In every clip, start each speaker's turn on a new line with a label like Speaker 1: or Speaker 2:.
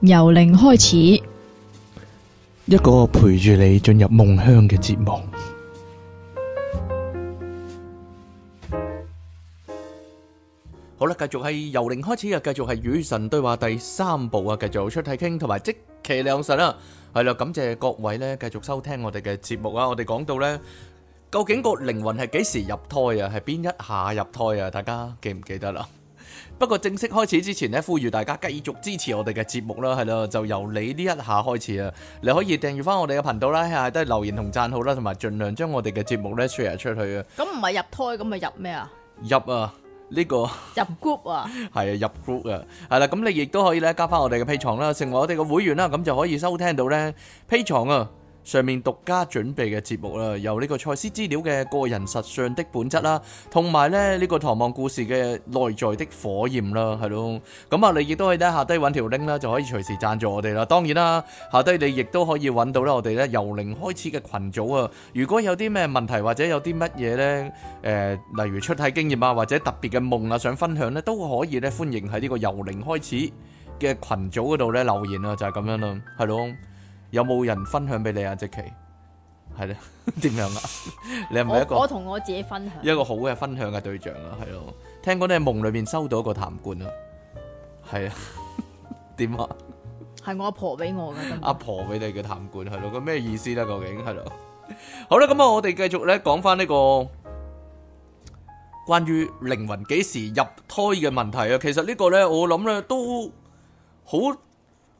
Speaker 1: 由零開始，
Speaker 2: 一個陪住你進入夢鄉嘅節目。好啦，繼續係由零開始啊，繼續係與神對話第三部啊，繼續出體傾同埋即其兩神啦。係啦，感謝各位咧，繼續收聽我哋嘅節目啊。我哋講到咧，究竟個靈魂係幾時入胎啊？係邊一下入胎啊？大家記唔記得啦？不過正式開始之前咧，呼籲大家繼續支持我哋嘅節目啦，係咯，就由你呢一下開始啊！你可以訂閱翻我哋嘅頻道啦，都係留言同讚好啦，同埋盡量將我哋嘅節目咧 share 出去啊！
Speaker 1: 咁唔係入胎咁啊入咩啊？
Speaker 2: 入啊！呢、呢個
Speaker 1: 入 group 啊？
Speaker 2: 係啊， 入 group 啊！係啦，咁你亦都可以咧加翻我哋嘅 Patreon 啦，成為我哋嘅會員啦，咁就可以收聽到咧 Patreon 啊！上面獨家準備嘅節目啦，由呢個賽斯資料嘅個人實相的本質啦，同埋呢呢個唐望故事嘅內在的火焰啦，係咯。咁啊，你亦都可以呢下低揾條 link 啦，就可以隨時贊助我哋啦。當然啦，下低你亦都可以揾到呢我哋呢由零開始嘅群組啊。如果有啲咩問題或者有啲乜嘢呢，誒、呃、例如出體經驗啊，或者特別嘅夢啊，想分享呢，都可以呢，歡迎喺呢個由零開始嘅群組嗰度呢留言啊，就係、是、咁樣啦，係咯。有冇人分享俾你啊？即琪，係咧，點樣啊？你係咪一個我同
Speaker 1: 我自己分享一
Speaker 2: 個好嘅分享嘅對象啊？係咯，聽講你喺夢裏面收到一個痰罐啊？係啊，點啊？
Speaker 1: 係我阿婆俾我嘅。
Speaker 2: 阿婆俾你嘅痰罐？係咯，咁咩意思咧？究竟係咯？好啦，咁啊，我哋繼續咧講翻呢個關於靈魂幾時入胎嘅問題啊。其實呢個咧，我諗咧都好。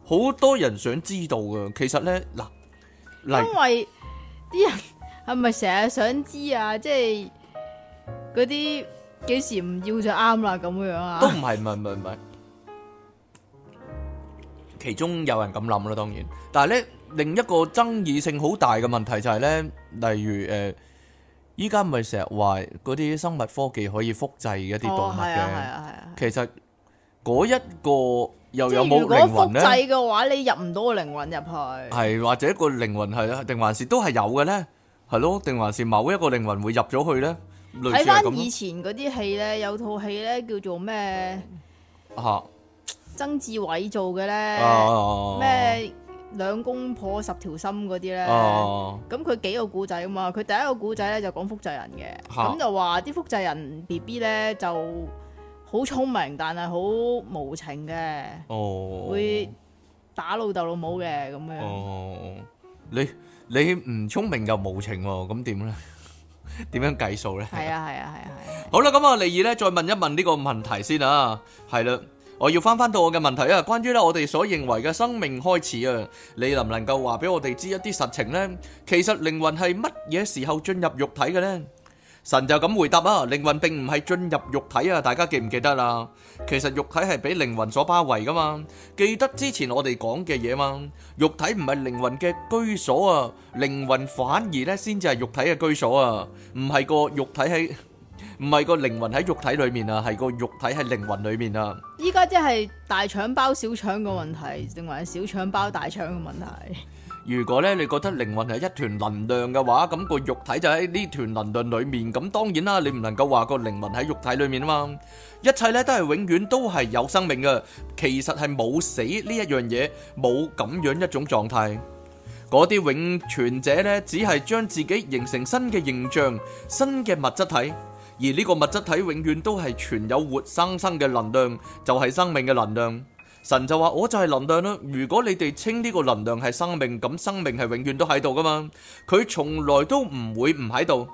Speaker 2: 好多人想知道噶，其實咧嗱，因
Speaker 1: 為啲人係咪成日想知啊？即係嗰啲幾時唔要就啱啦咁樣啊？都唔
Speaker 2: 係唔係唔係唔係，其中有人咁諗啦，當然。但係咧另一個爭議性好大嘅問題就係咧，例如誒，依家，咪成日話嗰啲生物科技可以複製一啲動物嘅，係啊係啊，其實嗰一個。即係如果複製
Speaker 1: 嘅話，你入唔到個靈魂入去？
Speaker 2: 係或者一個靈魂係，定還是都係有嘅咧？係咯，定還是某一個靈魂會入咗去咧？睇翻，以
Speaker 1: 前嗰啲戲咧，有套戲咧叫做咩？
Speaker 2: 吓，
Speaker 1: 曾志偉做嘅咧，咩兩公婆十條心嗰啲咧？咁佢幾個古仔啊嘛？佢第一個古仔咧就講複製人嘅，咁就話啲複製人 BB 咧就好聰明，但係好無情嘅，
Speaker 2: 會
Speaker 1: 打老豆老母嘅咁樣。
Speaker 2: 你你唔聰明又無情，咁點咧？點樣計數咧？係
Speaker 1: 啊係啊係啊係啊！
Speaker 2: 好啦，咁啊，李二咧，再問一問呢個問題先啊，係啦，我要翻翻到我嘅問題啊，關於咧我哋所認為嘅生命開始啊，你能唔能夠話俾我哋知一啲實情咧？其實靈魂係乜嘢時候進入肉體嘅咧？神就咁回答啊，靈魂並唔係進入肉體啊，大家記唔記得啦？其實肉體係俾靈魂所包圍噶嘛，記得之前我哋講嘅嘢嘛，肉體唔係靈魂嘅居所啊，靈魂反而咧先至係肉體嘅居所啊，唔係個肉體喺，唔係個靈魂喺肉體裏面啊，係個肉體喺靈魂裏面啊。
Speaker 1: 依家即係大腸包小腸嘅問題，定還係小腸包大腸嘅問題？
Speaker 2: 如果咧，你覺得靈魂係一團能量嘅話，咁個肉體就喺呢團能量裏面。咁當然啦，你唔能夠話個靈魂喺肉體裏面啊嘛。一切咧都係永遠都係有生命嘅，其實係冇死呢一樣嘢，冇咁樣一種狀態。嗰啲永存者咧，只係將自己形成新嘅形象、新嘅物質體，而呢個物質體永遠都係存有活生生嘅能量，就係生命嘅能量。神就話：我就係能量咯。如果你哋稱呢個能量係生命，咁生命係永遠都喺度噶嘛。佢從來都唔會唔喺度，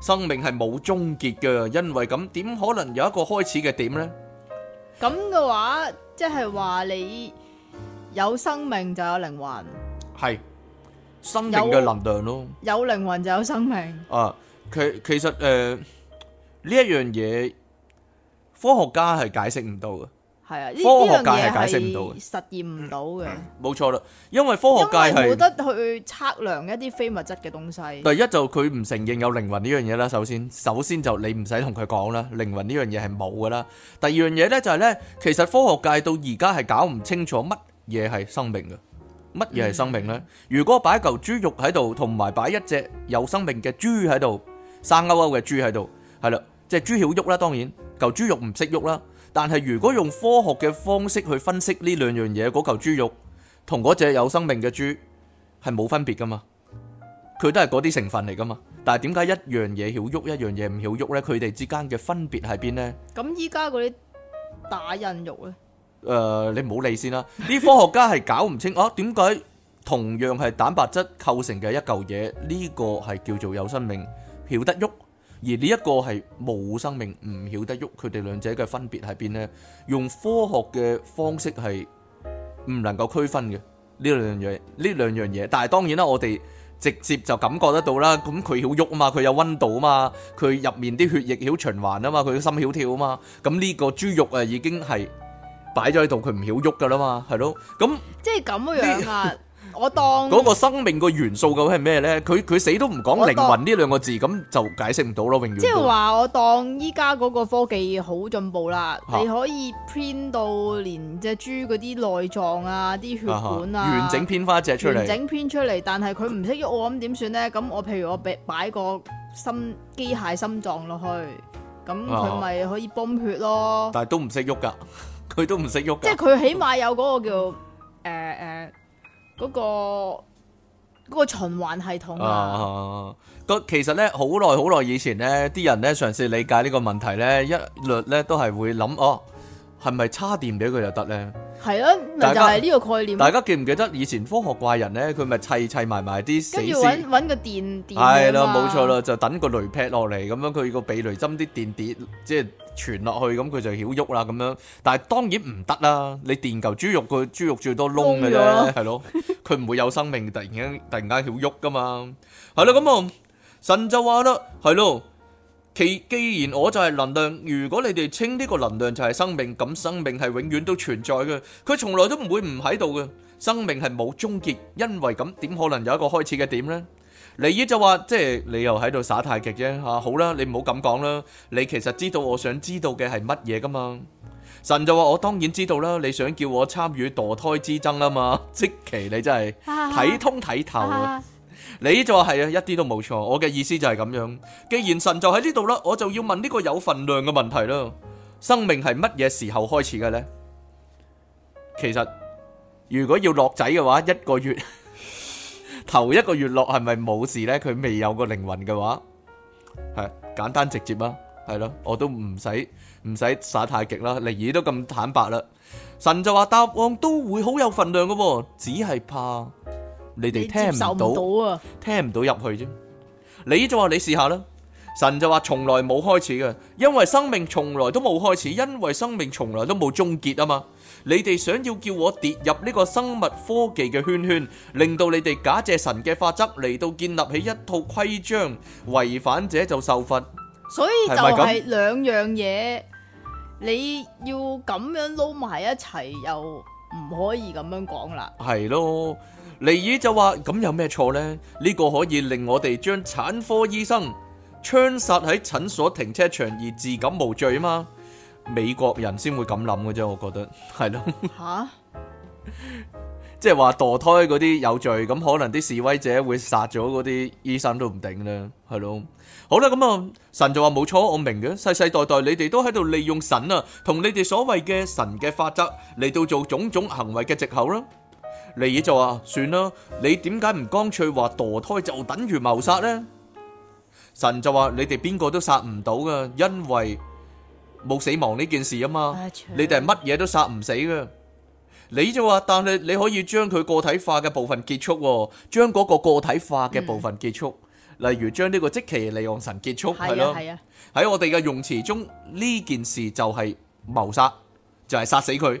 Speaker 2: 生命係冇終結噶，因為咁點可能有一個開始嘅點呢？
Speaker 1: 咁嘅話，即係話你有生命就有靈魂，
Speaker 2: 係生命嘅能量咯。
Speaker 1: 有靈魂就有生命。
Speaker 2: 啊，其其實誒呢一樣嘢科學家係解釋唔到嘅。
Speaker 1: 係科學界係解釋唔到嘅，實驗唔到嘅。
Speaker 2: 冇錯啦，因為科學界係冇得
Speaker 1: 去測量一啲非物質嘅東西。第一
Speaker 2: 就佢唔承認有靈魂呢樣嘢啦。首先，首先就你唔使同佢講啦，靈魂呢樣嘢係冇噶啦。第二樣嘢咧就係咧，其實科學界到而家係搞唔清楚乜嘢係生命嘅，乜嘢係生命咧？如果擺嚿豬肉喺度，同埋擺一隻有生命嘅豬喺度，生勾勾嘅豬喺度，係啦，即係豬曉喐啦，當然嚿豬肉唔識喐啦。但係如果用科學嘅方式去分析呢兩樣嘢，嗰嚿豬肉同嗰隻有生命嘅豬係冇分別噶嘛？佢都係嗰啲成分嚟噶嘛？但係點解一樣嘢曉喐，一樣嘢唔曉喐咧？佢哋之間嘅分別喺邊咧？
Speaker 1: 咁依家嗰啲打印肉咧？
Speaker 2: 誒，你唔好理先啦，啲科學家係搞唔清啊？點解同樣係蛋白質構成嘅一嚿嘢，呢個係叫做有生命，曉得喐？而呢一個係冇生命唔曉得喐，佢哋兩者嘅分別喺邊咧？用科學嘅方式係唔能夠區分嘅，呢兩樣嘢，呢兩樣嘢。但係當然啦，我哋直接就感覺得到啦。咁佢曉喐啊嘛，佢有溫度啊嘛，佢入面啲血液曉循環啊嘛，佢心曉跳啊嘛。咁呢個豬肉啊已經係擺咗喺度，佢唔曉喐噶啦嘛，係咯。咁
Speaker 1: 即係咁嘅樣啊！ 我當嗰個
Speaker 2: 生命個元素究竟係咩咧？佢佢死都唔講靈魂呢兩個字，咁當就解釋唔到咯。永遠即係話
Speaker 1: 我當依家嗰個科技好進步啦，哈你可以編到連隻豬嗰啲內臟啊、啲血管啊，完整編翻一隻出嚟，完整編出嚟。出 但係佢唔識喐，咁點算咧？咁我譬如我擺擺個心機械心臟落去，咁佢咪可以泵血咯？
Speaker 2: 但係都唔識喐噶，佢都唔識喐。即係
Speaker 1: 佢起碼有嗰個叫誒誒。呃呃嗰、那個那個循環系統啊，
Speaker 2: 個、啊啊啊、其實呢，好耐好耐以前呢啲人呢，嘗試理解呢個問題，哦、是是呢，一律呢都係會諗哦，係咪叉電畀佢就得呢？
Speaker 1: 係咯，就係呢個
Speaker 2: 概念。大家，大家記唔記得以前科學怪人咧？佢咪砌砌埋埋啲，跟住搵搵個電
Speaker 1: 電。係啦，冇錯啦，就
Speaker 2: 等個雷劈落嚟咁樣，佢個避雷針啲電跌，即係傳落去，咁佢就曉喐啦咁樣。但係當然唔得啦，你電嚿豬肉佢豬肉最多窿嘅啫，係咯，佢唔會有生命突然間突然間曉喐噶嘛？係啦，咁啊神就話啦，係咯。既然我就係能量，如果你哋稱呢個能量就係生命，咁生命係永遠都存在嘅，佢從來都唔會唔喺度嘅。生命係冇終結，因為咁點可能有一個開始嘅點呢？尼爾就話，即係你又喺度耍太極啫吓、啊，好啦，你唔好咁講啦。你其實知道我想知道嘅係乜嘢噶嘛？神就話我當然知道啦，你想叫我參與墮胎之爭啊嘛？即其你真係睇通睇透、啊 你就話係啊，一啲都冇錯。我嘅意思就係咁樣，既然神就喺呢度啦，我就要問呢個有份量嘅問題啦。生命係乜嘢時候開始嘅呢？其實如果要落仔嘅話，一個月頭一個月落係咪冇事呢？佢未有個靈魂嘅話，係簡單直接啊，係咯，我都唔使唔使耍太極啦。靈耳都咁坦白啦，神就話答案都會好有份量嘅，只係怕。你哋聽唔到啊，聽唔到入去啫。你就話，你試下啦，神就話從來冇開始嘅，因為生命從來都冇開始，因為生命從來都冇終結啊嘛。你哋想要叫我跌入呢個生物科技嘅圈圈，令到你哋假借神嘅法則嚟到建立起一套規章，違反者就受罰。
Speaker 1: 所以就係兩樣嘢，你要咁樣撈埋一齊，又唔可以咁樣講啦。
Speaker 2: 係咯。尼爾就話咁有咩錯呢？呢、呢個可以令我哋將產科醫生槍殺喺診所停車場而自感無罪啊嘛！美國人先會咁諗嘅啫，我覺得係咯。
Speaker 1: 吓，啊、
Speaker 2: 即係話墮胎嗰啲有罪，咁可能啲示威者會殺咗嗰啲醫生都唔定啦，係咯。好啦，咁啊，神就話冇錯，我明嘅，世世代代你哋都喺度利用神啊，同你哋所謂嘅神嘅法則嚟到做種種行為嘅借口咯。利爾就話算啦，你點解唔乾脆話墮胎就等於謀殺呢？神就話你哋邊個都殺唔到噶因為冇死亡呢件事啊嘛，你哋係乜嘢都殺唔死噶。你就話，但係你可以將佢個體化嘅部分結束，將嗰個個體化嘅部分結束，例如將呢個即期利用神結束係咯。喺我哋嘅用詞中，呢件事就係謀殺，就係殺死佢。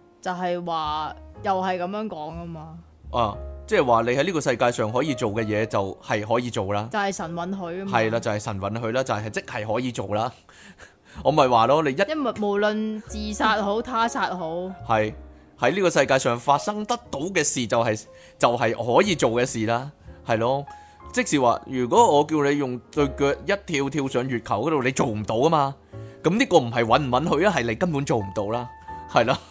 Speaker 1: 就係話又係咁樣講啊嘛，
Speaker 2: 啊即係話你喺呢個世界上可以做嘅嘢就係可以做啦，就
Speaker 1: 係神允許啊嘛，係
Speaker 2: 啦就係、是、神允許啦，就係即係可以做啦， 我咪話咯，你一
Speaker 1: 因為無論自殺好，他殺好，
Speaker 2: 係喺呢個世界上發生得到嘅事就係、是、就係、是、可以做嘅事啦，係咯，即係話如果我叫你用對腳一跳跳上月球嗰度，你做唔到啊嘛，咁呢個唔係允唔允許啊，係你根本做唔到啦，係啦。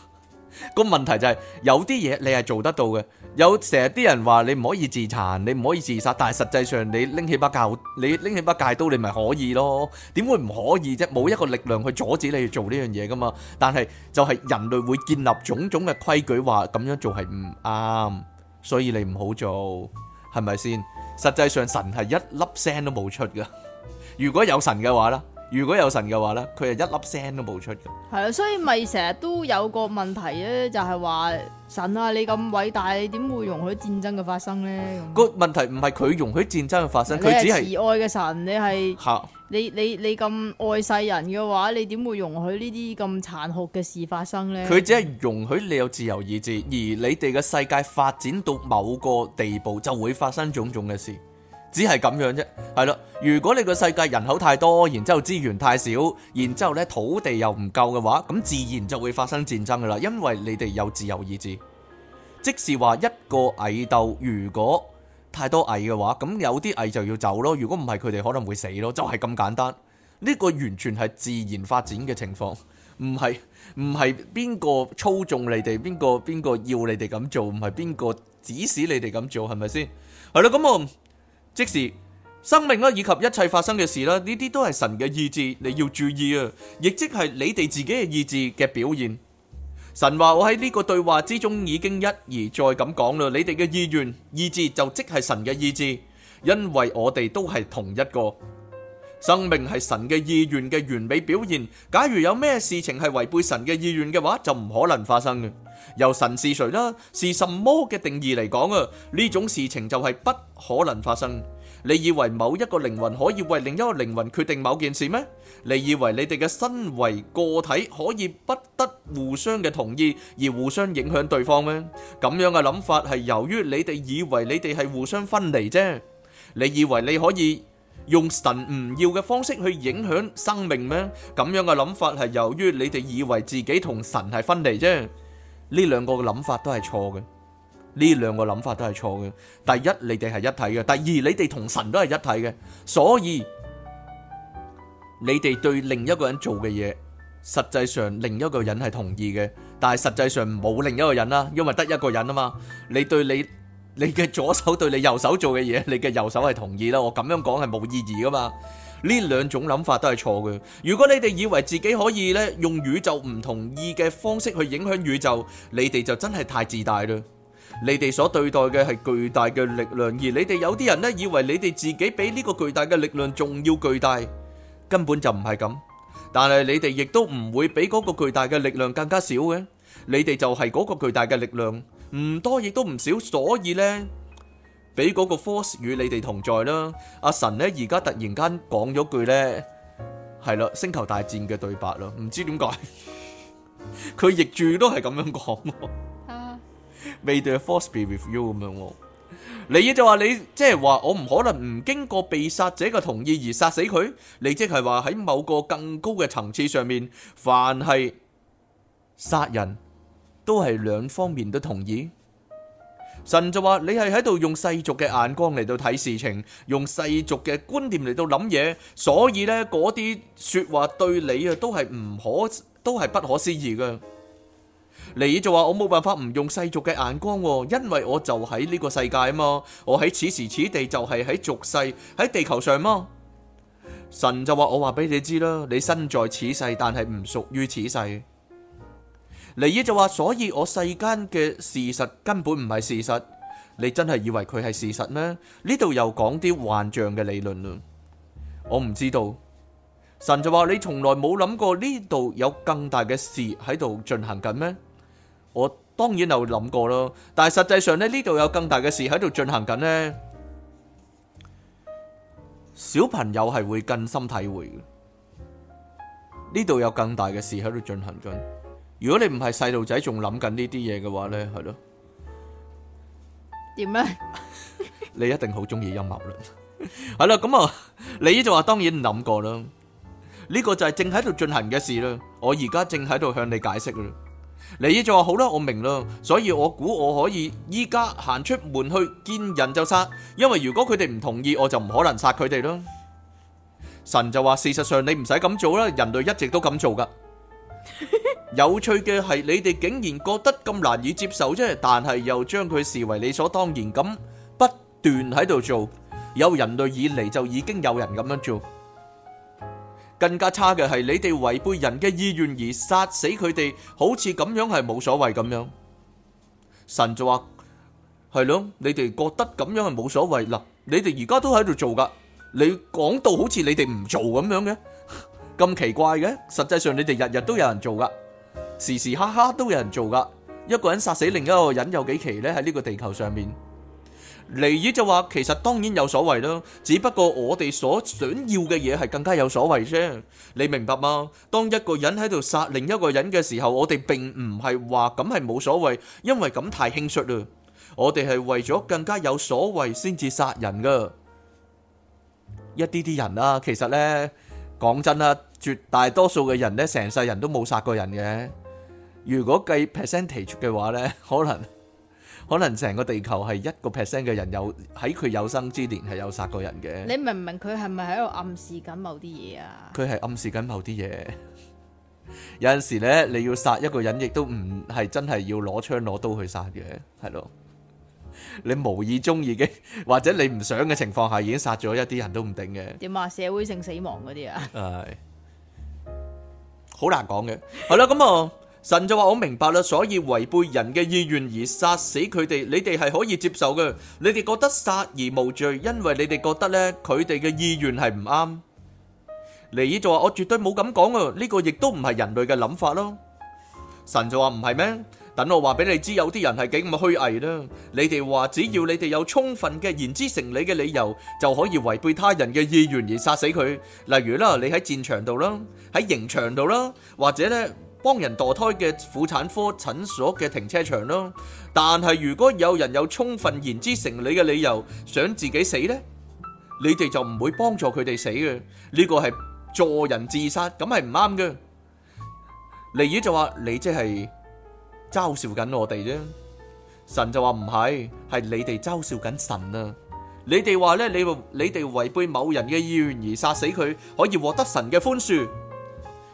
Speaker 2: 個問題就係有啲嘢，你係做得到嘅。有成日啲人話你唔可以自殘，你唔可以自殺，但係實際上你拎起把戒，你拎起把戒刀，你咪可以咯？點會唔可以啫？冇一個力量去阻止你去做呢樣嘢噶嘛？但係就係人類會建立種種嘅規矩，話咁樣做係唔啱，所以你唔好做，係咪先？實際上神係一粒聲都冇出噶。如果有神嘅話啦。如果有神嘅話呢，佢就一粒聲都冇出嘅。
Speaker 1: 係啊，所以咪成日都有個問題咧，就係話「神啊，你咁偉大，你點會容許戰爭嘅發生呢？」
Speaker 2: 個問題唔係佢容許戰爭嘅發生，佢 只係慈
Speaker 1: 愛嘅神，你係嚇，你你你咁愛世人嘅話，你點會容許呢啲咁殘酷嘅事發生呢？佢只
Speaker 2: 係容許你有自由意志，而你哋嘅世界發展到某個地步，就會發生種種嘅事。只係咁樣啫，係啦。如果你個世界人口太多，然之後資源太少，然之後咧土地又唔夠嘅話，咁自然就會發生戰爭噶啦。因為你哋有自由意志，即是話一個蟻鬥，如果太多蟻嘅話，咁有啲蟻就要走咯。如果唔係，佢哋可能會死咯，就係咁簡單。呢個完全係自然發展嘅情況，唔係唔係邊個操縱你哋，邊個邊個要你哋咁做，唔係邊個指使你哋咁做，係咪先？係啦，咁我。即時生命啦，以及一切發生嘅事啦，呢啲都係神嘅意志，你要注意啊！亦即係你哋自己嘅意志嘅表現。神話我喺呢個對話之中已經一而再咁講啦，你哋嘅意願、意志就即係神嘅意志，因為我哋都係同一個。生命係神嘅意願嘅完美表現。假如有咩事情係違背神嘅意願嘅話，就唔可能發生嘅。由神是誰啦，是什麼嘅定義嚟講啊？呢種事情就係不可能發生。你以為某一個靈魂可以為另一個靈魂決定某件事咩？你以為你哋嘅身為個體可以不得互相嘅同意而互相影響對方咩？咁樣嘅諗法係由於你哋以為你哋係互相分離啫。你以為你可以用神唔要嘅方式去影響生命咩？咁樣嘅諗法係由於你哋以為自己同神係分離啫。呢兩個嘅諗法都係錯嘅，呢兩個諗法都係錯嘅。第一，你哋係一體嘅；第二，你哋同神都係一體嘅。所以你哋對另一個人做嘅嘢，實際上另一個人係同意嘅，但係實際上冇另一個人啦，因為得一個人啊嘛。你對你你嘅左手對你右手做嘅嘢，你嘅右手係同意啦。我咁樣講係冇意義㗎嘛。呢兩種諗法都係錯嘅。如果你哋以為自己可以呢，用宇宙唔同意嘅方式去影響宇宙，你哋就真係太自大啦。你哋所對待嘅係巨大嘅力量，而你哋有啲人呢，以為你哋自己比呢個巨大嘅力量仲要巨大，根本就唔係咁。但係你哋亦都唔會比嗰個巨大嘅力量更加少嘅。你哋就係嗰個巨大嘅力量，唔多亦都唔少。所以呢。俾嗰個 force 與你哋同在啦，阿神咧而家突然間講咗句咧，係啦，星球大戰嘅對白啦，唔知點解佢譯住都係咁樣講，may the force be with you 咁樣，你就話你即係話我唔可能唔經過被殺者嘅同意而殺死佢，你即係話喺某個更高嘅層次上面，凡係殺人都係兩方面都同意。神就話：你係喺度用世俗嘅眼光嚟到睇事情，用世俗嘅觀念嚟到諗嘢，所以呢，嗰啲說話對你啊都係唔可，都係不可思議㗎。你就話我冇辦法唔用世俗嘅眼光，因為我就喺呢個世界啊嘛，我喺此時此地就係喺俗世喺地球上嘛。神就話：我話俾你知啦，你身在此世，但係唔屬於此世。尼耶就話，所以我世間嘅事實根本唔係事實，你真係以為佢係事實咩？呢度又講啲幻象嘅理論啦。我唔知道。神就話，你從來冇諗過呢度有更大嘅事喺度進行緊咩？我當然又諗過咯，但係實際上呢，呢度有更大嘅事喺度進行緊呢。小朋友係會更深體會嘅，呢度有更大嘅事喺度進行緊。如果你唔係細路仔，仲諗緊呢啲嘢嘅話咧，係咯？
Speaker 1: 點咧？你
Speaker 2: 一定好中意陰謀論。係啦，咁啊，你呢就話當然諗過啦。呢個就係正喺度進行嘅事啦。我而家正喺度向你解釋啦。你呢就話好啦，我明啦。所以我估我可以依家行出門去見人就殺，因為如果佢哋唔同意，我就唔可能殺佢哋咯。神就話：事實上你唔使咁做啦，人類一直都咁做噶。有趣嘅係，你哋竟然覺得咁難以接受啫，但係又將佢視為理所當然咁，不斷喺度做。有人類以嚟，就已經有人咁樣做。更加差嘅係，你哋違背人嘅意願而殺死佢哋，好似咁樣係冇所謂咁樣。神就話：係咯，你哋覺得咁樣係冇所謂啦。你哋而家都喺度做噶，你講到好似你哋唔做咁樣嘅。咁奇怪嘅，實際上你哋日日都有人做噶，時時刻刻都有人做噶。一個人殺死另一個人有幾奇呢？喺呢個地球上面，尼爾就話：其實當然有所謂啦，只不過我哋所想要嘅嘢係更加有所謂啫。你明白嗎？當一個人喺度殺另一個人嘅時候，我哋並唔係話咁係冇所謂，因為咁太輕率啦。我哋係為咗更加有所謂先至殺人噶。一啲啲人呀，其實呢，講真啦。絕大多數嘅人呢，成世人都冇殺過人嘅。如果計 percentage 嘅話呢，可能可能成個地球係一個 percent 嘅人有喺佢有生之年係有殺過人嘅。你
Speaker 1: 明唔明？佢係咪喺度暗示緊某啲嘢啊？
Speaker 2: 佢係暗示緊某啲嘢。 有陣時呢，你要殺一個人，亦都唔係真係要攞槍攞刀去殺嘅，係咯？你無意中已經，或者你唔想嘅情況下已經殺咗一啲人都唔定嘅。
Speaker 1: 點啊？社會性死亡嗰啲啊？
Speaker 2: 好難講嘅，係啦，咁啊，神就話，我明白啦，所以違背人嘅意願而殺死佢哋，你哋係可以接受嘅，你哋覺得殺而無罪，因為你哋覺得呢佢哋嘅意願係唔啱。尼爾就話，我絕對冇咁講啊，呢個亦都唔係人類嘅諗法咯。神就話，唔係咩？等我話俾你知，有啲人係幾咁虛偽啦。你哋話，只要你哋有充分嘅言之成理嘅理由，就可以違背他人嘅意願而殺死佢。例如啦，你喺戰場度啦，喺刑場度啦，或者咧幫人墮胎嘅婦產科診所嘅停車場啦。但係如果有人有充分言之成理嘅理由想自己死呢，你哋就唔會幫助佢哋死嘅。呢個係助人自殺，咁係唔啱嘅。例如就話：你即係。嘲笑緊我哋啫，神就話唔係，係你哋嘲笑緊神啊！你哋話咧，你你哋違背某人嘅意願而殺死佢，可以獲得神嘅寬恕；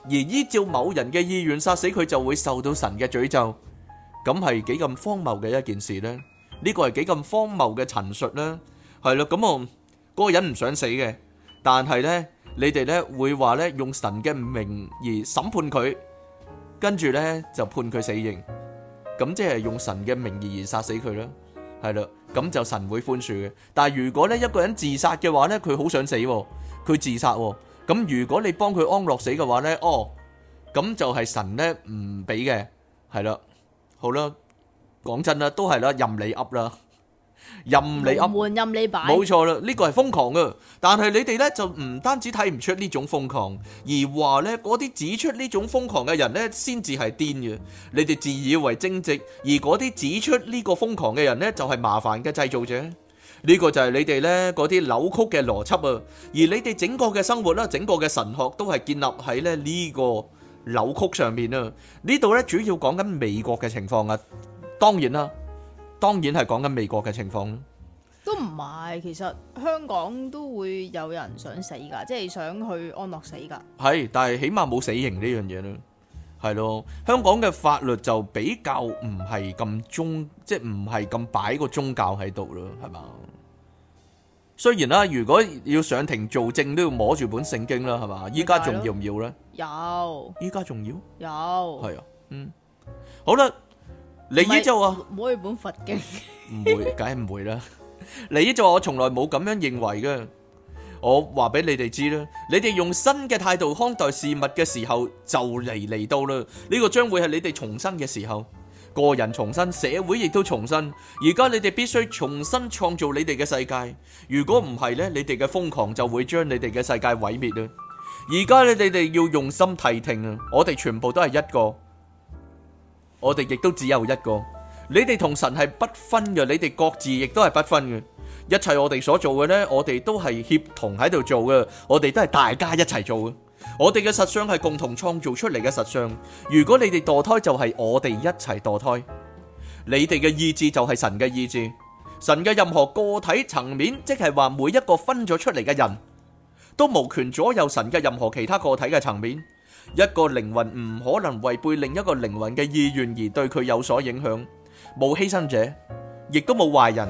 Speaker 2: 而依照某人嘅意願殺死佢，就會受到神嘅詛咒。咁係幾咁荒謬嘅一件事呢？呢個係幾咁荒謬嘅陳述咧？係啦，咁啊，嗰個人唔想死嘅，但係呢，你哋呢會話呢，用神嘅名而審判佢，跟住呢就判佢死刑。咁即係用神嘅名義而殺死佢啦，係啦，咁就神會寬恕嘅。但係如果咧一個人自殺嘅話呢，佢好想死喎，佢自殺喎。咁如果你幫佢安樂死嘅話呢，哦，咁就係神呢唔俾嘅，係啦，好啦，講真啦，都係啦，任你噏啦。任你
Speaker 1: 噏，冇錯
Speaker 2: 啦，呢個係瘋狂啊。但係你哋咧就唔單止睇唔出呢種瘋狂，而話咧嗰啲指出呢種瘋狂嘅人咧先至係癲嘅。你哋自以為正直，而嗰啲指出呢個瘋狂嘅人咧就係麻煩嘅製造者。呢個就係你哋咧嗰啲扭曲嘅邏輯啊。而你哋整個嘅生活啦，整個嘅神學都係建立喺咧呢個扭曲上面啊。呢度咧主要講緊美國嘅情況啊。當然啦。當然係講緊美國嘅情況咯，
Speaker 1: 都唔係，其實香港都會有人想死噶，即係想去安樂
Speaker 2: 死噶。係，但係起碼冇死刑呢樣嘢咯，係咯。香港嘅法律就比較唔係咁宗，即係唔係咁擺個宗教喺度咯，係嘛。雖然啦，如果要上庭做證都要摸住本聖經啦，係嘛。依家仲要唔要呢？有。依家仲要？有。係啊，嗯，好啦。你依就話，
Speaker 1: 唔可以本佛經，
Speaker 2: 唔會，梗係唔會啦。你依就話我從來冇咁樣認為嘅，我話俾你哋知啦。你哋用新嘅態度看待事物嘅時候，就嚟，嚟到啦。呢個將會係你哋重生嘅時候，個人重生，社會亦都重生。而家你哋必須重新創造你哋嘅世界。如果唔係呢，你哋嘅瘋狂就會將你哋嘅世界毀滅啦！而家你哋哋要用心提聽啊，我哋全部都係一個。我哋亦都只有一個，你哋同神係不分嘅，你哋各自亦都係不分嘅。一切我哋所做嘅呢，我哋都係協同喺度做嘅，我哋都係大家一齊做嘅。我哋嘅實相係共同創造出嚟嘅實相。如果你哋墮胎，就係我哋一齊墮胎。你哋嘅意志就係神嘅意志。神嘅任何個體層面，即係話每一個分咗出嚟嘅人都無權左右神嘅任何其他個體嘅層面。一個靈魂唔可能違背另一個靈魂嘅意願而對佢有所影響，冇犧牲者，亦都冇壞人。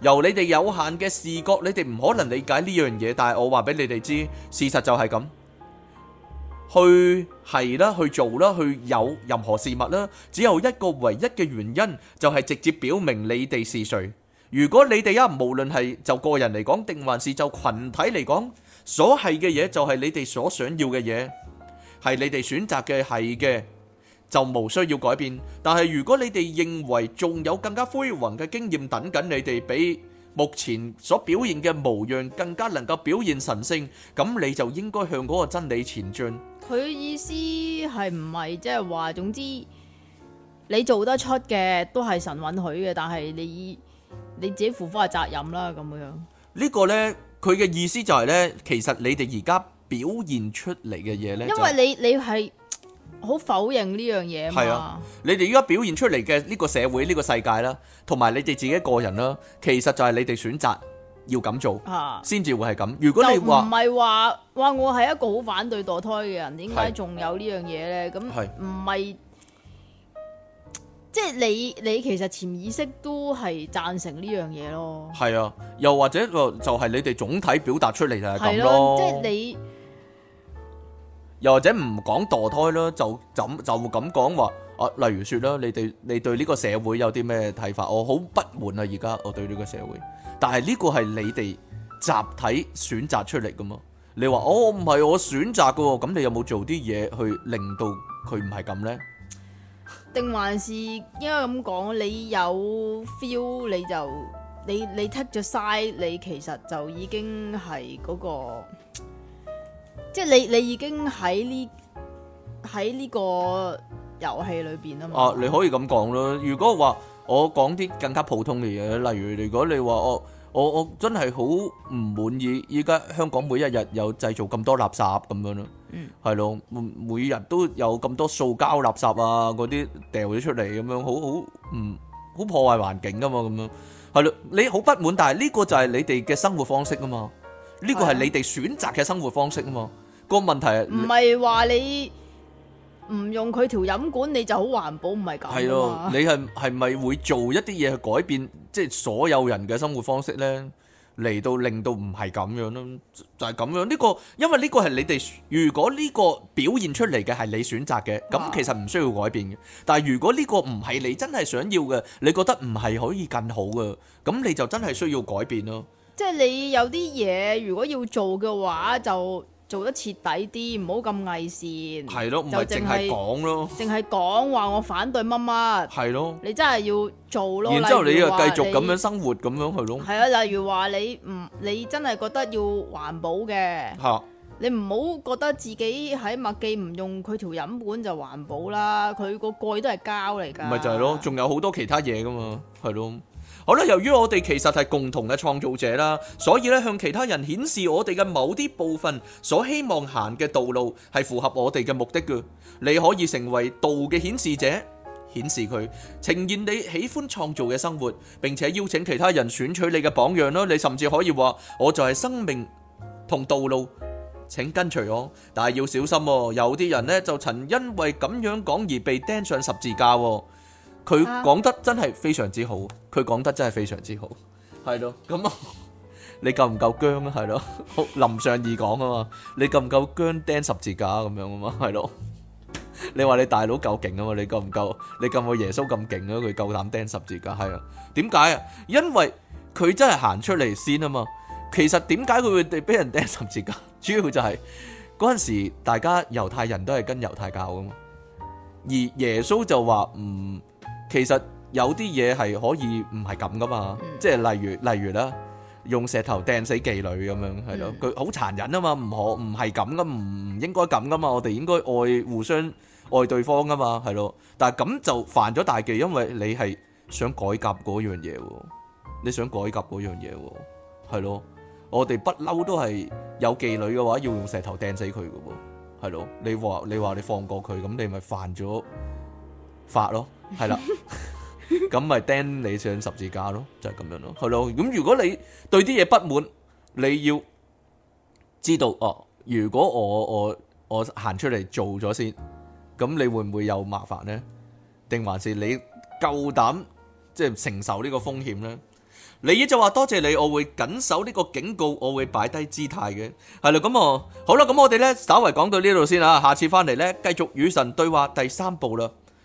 Speaker 2: 由你哋有限嘅視覺，你哋唔可能理解呢樣嘢，但係我話俾你哋知，事實就係咁。去係啦，去做啦，去有任何事物啦，只有一個唯一嘅原因，就係直接表明你哋是誰。如果你哋啊，無論係就個人嚟講，定還是就群體嚟講，所係嘅嘢就係你哋所想要嘅嘢。係你哋選擇嘅，係嘅就無需要改變。但係如果你哋認為仲有更加輝煌嘅經驗等緊你哋，比目前所表現嘅模樣更加能夠表現神聖，咁你就應該向嗰個真理前進。
Speaker 1: 佢意思係唔係即係話，總之你做得出嘅都係神允許嘅，但係你你自己負翻，個責任啦。咁樣
Speaker 2: 呢個呢，佢嘅意思就係呢，其實你哋而家。表現出嚟嘅嘢呢？因為你
Speaker 1: 你係好否認呢樣嘢嘛？係啊，
Speaker 2: 你哋依家表現出嚟嘅呢個社會、呢個世界啦，同埋你哋自己個人啦，其實就係你哋選擇要咁做，先至會係咁。如果你話
Speaker 1: 唔係話哇，我係一個好反對墮胎嘅人，點解仲有呢樣嘢呢？咁唔係，是即係你你其實潛意識都係贊成呢樣嘢咯。
Speaker 2: 係啊，又或者個就係你哋總體表達出嚟就係咁咯。啊、即係你。又或者唔講墮胎啦，就咁就咁講話啊，例如説啦，你對你對呢個社會有啲咩睇法？我好不滿啊！而家我對呢個社會，但係呢個係你哋集體選擇出嚟噶嘛？你話哦唔係我選擇㗎，咁你有冇做啲嘢去令到佢唔係咁呢？
Speaker 1: 定還是應該咁講？你有 feel 你就你你 tick 咗晒，你其實就已經係嗰個。即係你，你已經喺呢喺呢個遊戲裏邊啊嘛。啊，你可
Speaker 2: 以咁講咯。如果話我講啲更加普通嘅嘢，例如如果你話我我我真係好唔滿意，依家香港每一日有製造咁多垃圾咁樣咯，係咯，每每日都有咁多塑膠垃圾啊，嗰啲掉咗出嚟咁樣，好好唔好破壞環境噶嘛，咁樣係咯，你好不滿，但係呢個就係你哋嘅生活方式啊嘛。呢個係你哋選擇嘅生活方式啊嘛，個問題唔
Speaker 1: 係話你唔用佢條飲管，你就好環保，唔係咁。係咯，你
Speaker 2: 係係咪會做一啲嘢去改變，即係所有人嘅生活方式呢，嚟到令到唔係咁樣咯？就係咁樣，呢個因為呢個係你哋。如果呢個表現出嚟嘅係你選擇嘅，咁其實唔需要改變嘅。但係如果呢個唔係你真係想要嘅，你覺得唔係可以更好嘅，咁你就真係需要改變咯。
Speaker 1: 即係你有啲嘢如果要做嘅話就做得徹底啲，唔好咁偽善。係咯的，唔係淨係講咯，淨係講話我反對乜乜。係咯的，你真係要做咯。然之後你又繼續咁你樣
Speaker 2: 生活咁樣去咯。
Speaker 1: 係啊，例如話你唔你真係覺得要環保嘅，的你唔好覺得自己喺麥記唔用佢條飲管就環保啦，佢個蓋都係膠嚟噶。咪就係
Speaker 2: 咯，仲有好多其他嘢噶嘛，係咯。好啦，由於我哋其實係共同嘅創造者啦，所以咧向其他人顯示我哋嘅某啲部分所希望行嘅道路係符合我哋嘅目的嘅。你可以成為道嘅顯示者，顯示佢呈現你喜歡創造嘅生活，並且邀請其他人選取你嘅榜樣咯。你甚至可以話：我就係生命同道路，請跟隨我。但係要小心喎，有啲人呢，就曾因為咁樣講而被釘上十字架喎。佢講得真係非常之好，佢講得真係非常之好，係咯。咁啊，你夠唔夠薑啊？係咯，林尚義講啊嘛，你夠唔夠薑釘十字架咁樣啊嘛？係咯，你話你大佬夠勁啊嘛？你夠唔夠？你夠唔夠耶穌咁勁啊？佢夠膽釘十字架，係啊。點解啊？因為佢真係行出嚟先啊嘛。其實點解佢會被俾人釘十字架？主要就係嗰陣時大家猶太人都係跟猶太教㗎嘛，而耶穌就話唔。其實有啲嘢係可以唔係咁噶嘛，嗯、即係例如例如啦，用石頭掟死妓女咁樣係咯，佢好、嗯、殘忍啊嘛，唔可唔係咁噶，唔應該咁噶嘛，我哋應該愛互相愛對方噶嘛，係咯。但係咁就犯咗大忌，因為你係想改革嗰樣嘢喎，你想改革嗰樣嘢喎，係咯。我哋不嬲都係有妓女嘅話，要用石頭掟死佢噶喎，係咯。你話你話你放過佢，咁你咪犯咗法咯。係啦，咁咪釘你上十字架咯，就係、是、咁樣咯，係咯。咁如果你對啲嘢不滿，你要知道哦。如果我我我行出嚟做咗先，咁你會唔會有麻煩呢？定還是你夠膽即係承受呢個風險呢？你姨就話多謝，謝你，我會謹守呢個警告，我會擺低姿態嘅。係啦，咁、嗯、啊、嗯，好啦，咁我哋咧，稍為講到呢度先啊。下次翻嚟咧，繼續與神對話第三部啦。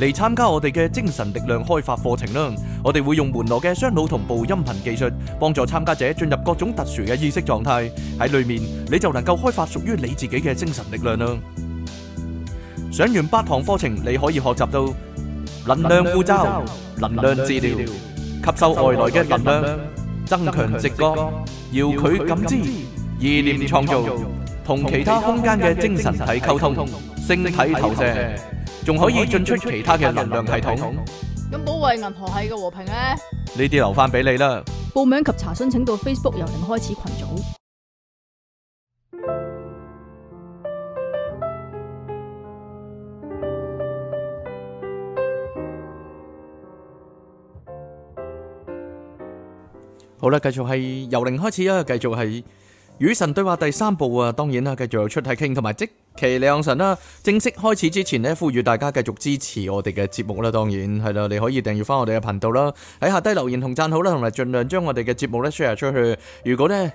Speaker 2: 嚟參加我哋嘅精神力量開發課程啦！我哋會用門羅嘅雙腦同步音頻技術，幫助參加者進入各種特殊嘅意識狀態。喺裏面你就能夠開發屬於你自己嘅精神力量啦！上完八堂課程，你可以學習到能量護罩、能量治療、吸收外來嘅能量、
Speaker 1: 增強直覺、
Speaker 2: 遙距感知、意念創造、同其他空間嘅精神體溝通、星體投射。仲可以進出其他嘅能量系統。
Speaker 1: 咁保衛銀河系嘅和平咧？
Speaker 2: 呢啲留翻俾你啦。
Speaker 1: 報名及查詢請到 Facebook 由零開始群組。
Speaker 2: 好啦，繼續係由零開始啊！繼續係與神對話第三部啊！當然啦，繼續有出係傾同埋即。.其李昂啦，正式開始之前咧，呼籲大家繼續支持我哋嘅節目啦。當然係啦，你可以訂閱翻我哋嘅頻道啦，喺下低留言同贊好啦，同埋盡量將我哋嘅節目呢 share 出去。如果呢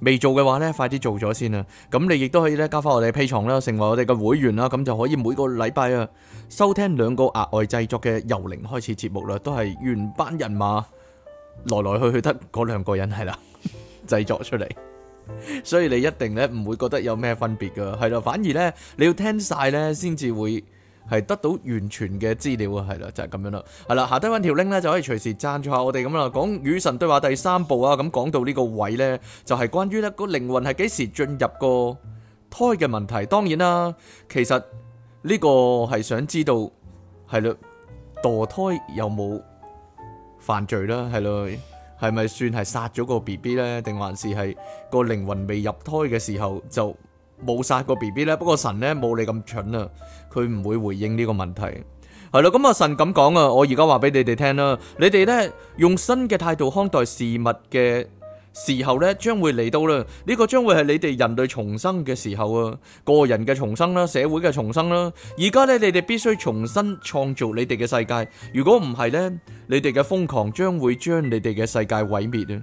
Speaker 2: 未做嘅話呢，快啲做咗先啊！咁你亦都可以咧加翻我哋嘅 P 床啦，成為我哋嘅會員啦，咁就可以每個禮拜啊，收聽兩個額外製作嘅由零開始節目啦，都係原班人馬，來來去去得嗰兩個人係啦，製作出嚟。 所以你一定咧唔會覺得有咩分別噶係啦，反而咧你要聽晒咧先至會係得到完全嘅資料，啊，係啦，就係、是、咁樣啦，係啦，下低搵條 link 咧就可以隨時贊助下我哋咁啦。講與神對話第三部啊，咁講到呢個位咧，就係、是、關於咧個靈魂係幾時進入個胎嘅問題。當然啦，其實呢個係想知道係咯墮胎有冇犯罪啦，係咯。係咪算係殺咗個 B B 呢？定還是係個靈魂未入胎嘅時候就冇殺個 B B 呢？不過神呢，冇你咁蠢啊，佢唔會回應呢個問題。係啦，咁啊神咁講啊，我而家話俾你哋聽啦，你哋呢，用新嘅態度看待事物嘅時候咧，將會嚟到啦，呢個將會係你哋人類重生嘅時候啊，個人嘅重生啦，社會嘅重生啦。而家咧，你哋必須重新創造你哋嘅世界，如果唔係呢，你哋嘅瘋狂將會將你哋嘅世界毀滅啊！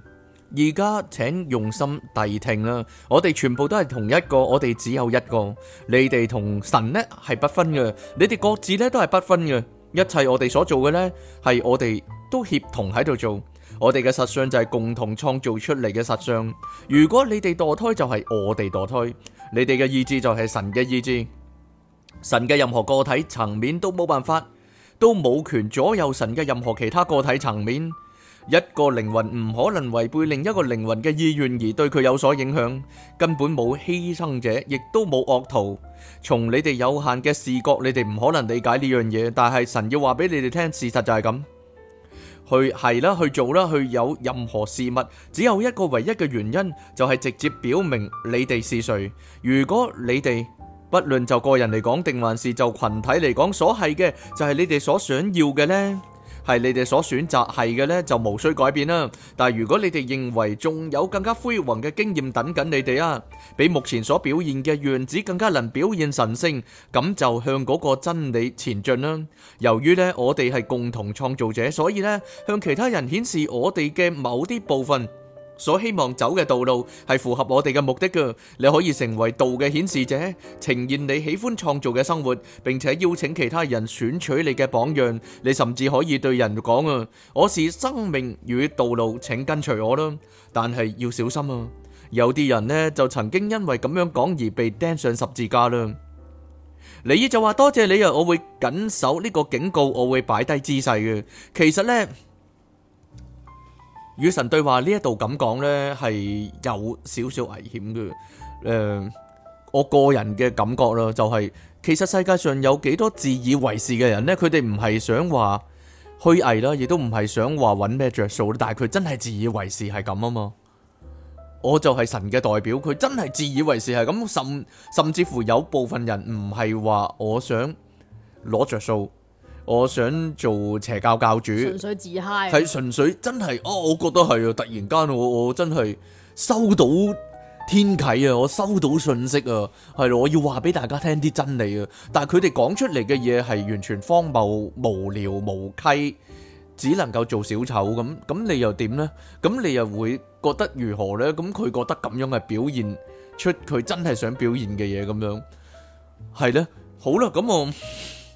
Speaker 2: 而家請用心諦聽啦，我哋全部都係同一個，我哋只有一個，你哋同神呢係不分嘅，你哋各自咧都係不分嘅，一切我哋所做嘅呢，係我哋都協同喺度做。我哋嘅實相就係共同創造出嚟嘅實相。如果你哋墮胎就係我哋墮胎，你哋嘅意志就係神嘅意志。神嘅任何個體層面都冇辦法，都冇權左右神嘅任何其他個體層面。一個靈魂唔可能違背另一個靈魂嘅意願而對佢有所影響，根本冇犧牲者，亦都冇惡徒。從你哋有限嘅視覺，你哋唔可能理解呢樣嘢。但係神要話俾你哋聽，事實就係咁。去係啦，去做啦，去有任何事物，只有一個唯一嘅原因，就係直接表明你哋是誰。如果你哋不論就個人嚟講，定還是就群體嚟講，所係嘅就係你哋所想要嘅咧。係你哋所選擇，係嘅呢就無需改變啦。但係如果你哋認為仲有更加輝煌嘅經驗等緊你哋啊，比目前所表現嘅樣子更加能表現神聖，咁就向嗰個真理前進啦。由於呢我哋係共同創造者，所以呢向其他人顯示我哋嘅某啲部分。所希望走嘅道路係符合我哋嘅目的嘅，你可以成為道嘅顯示者，呈現你喜歡創造嘅生活，並且邀請其他人選取你嘅榜樣。你甚至可以對人講啊：我是生命與道路，請跟隨我啦。但係要小心啊，有啲人呢就曾經因為咁樣講而被釘上十字架啦。李爾就話：多謝你啊，我會緊守呢個警告，我會擺低姿勢嘅。其實呢。與神對話呢一度咁講呢，係有少少危險嘅。誒、呃，我個人嘅感覺啦、就係，就係其實世界上有幾多自以為是嘅人呢？佢哋唔係想話虛偽啦，亦都唔係想話揾咩着數，但係佢真係自以為是係咁啊嘛。我就係神嘅代表，佢真係自以為是係咁，甚甚至乎有部分人唔係話我想攞着數。我想做邪教教主，
Speaker 1: 純粹自 high，係純
Speaker 2: 粹真係哦，我覺得係啊！突然間我我真係收到天啟啊，我收到信息啊，係咯，我要話俾大家聽啲真理啊！但係佢哋講出嚟嘅嘢係完全荒謬、無聊、無稽，只能夠做小丑咁。咁你又點呢？咁你又會覺得如何呢？咁佢覺得咁樣係表現出佢真係想表現嘅嘢，咁樣係呢？好啦，咁我。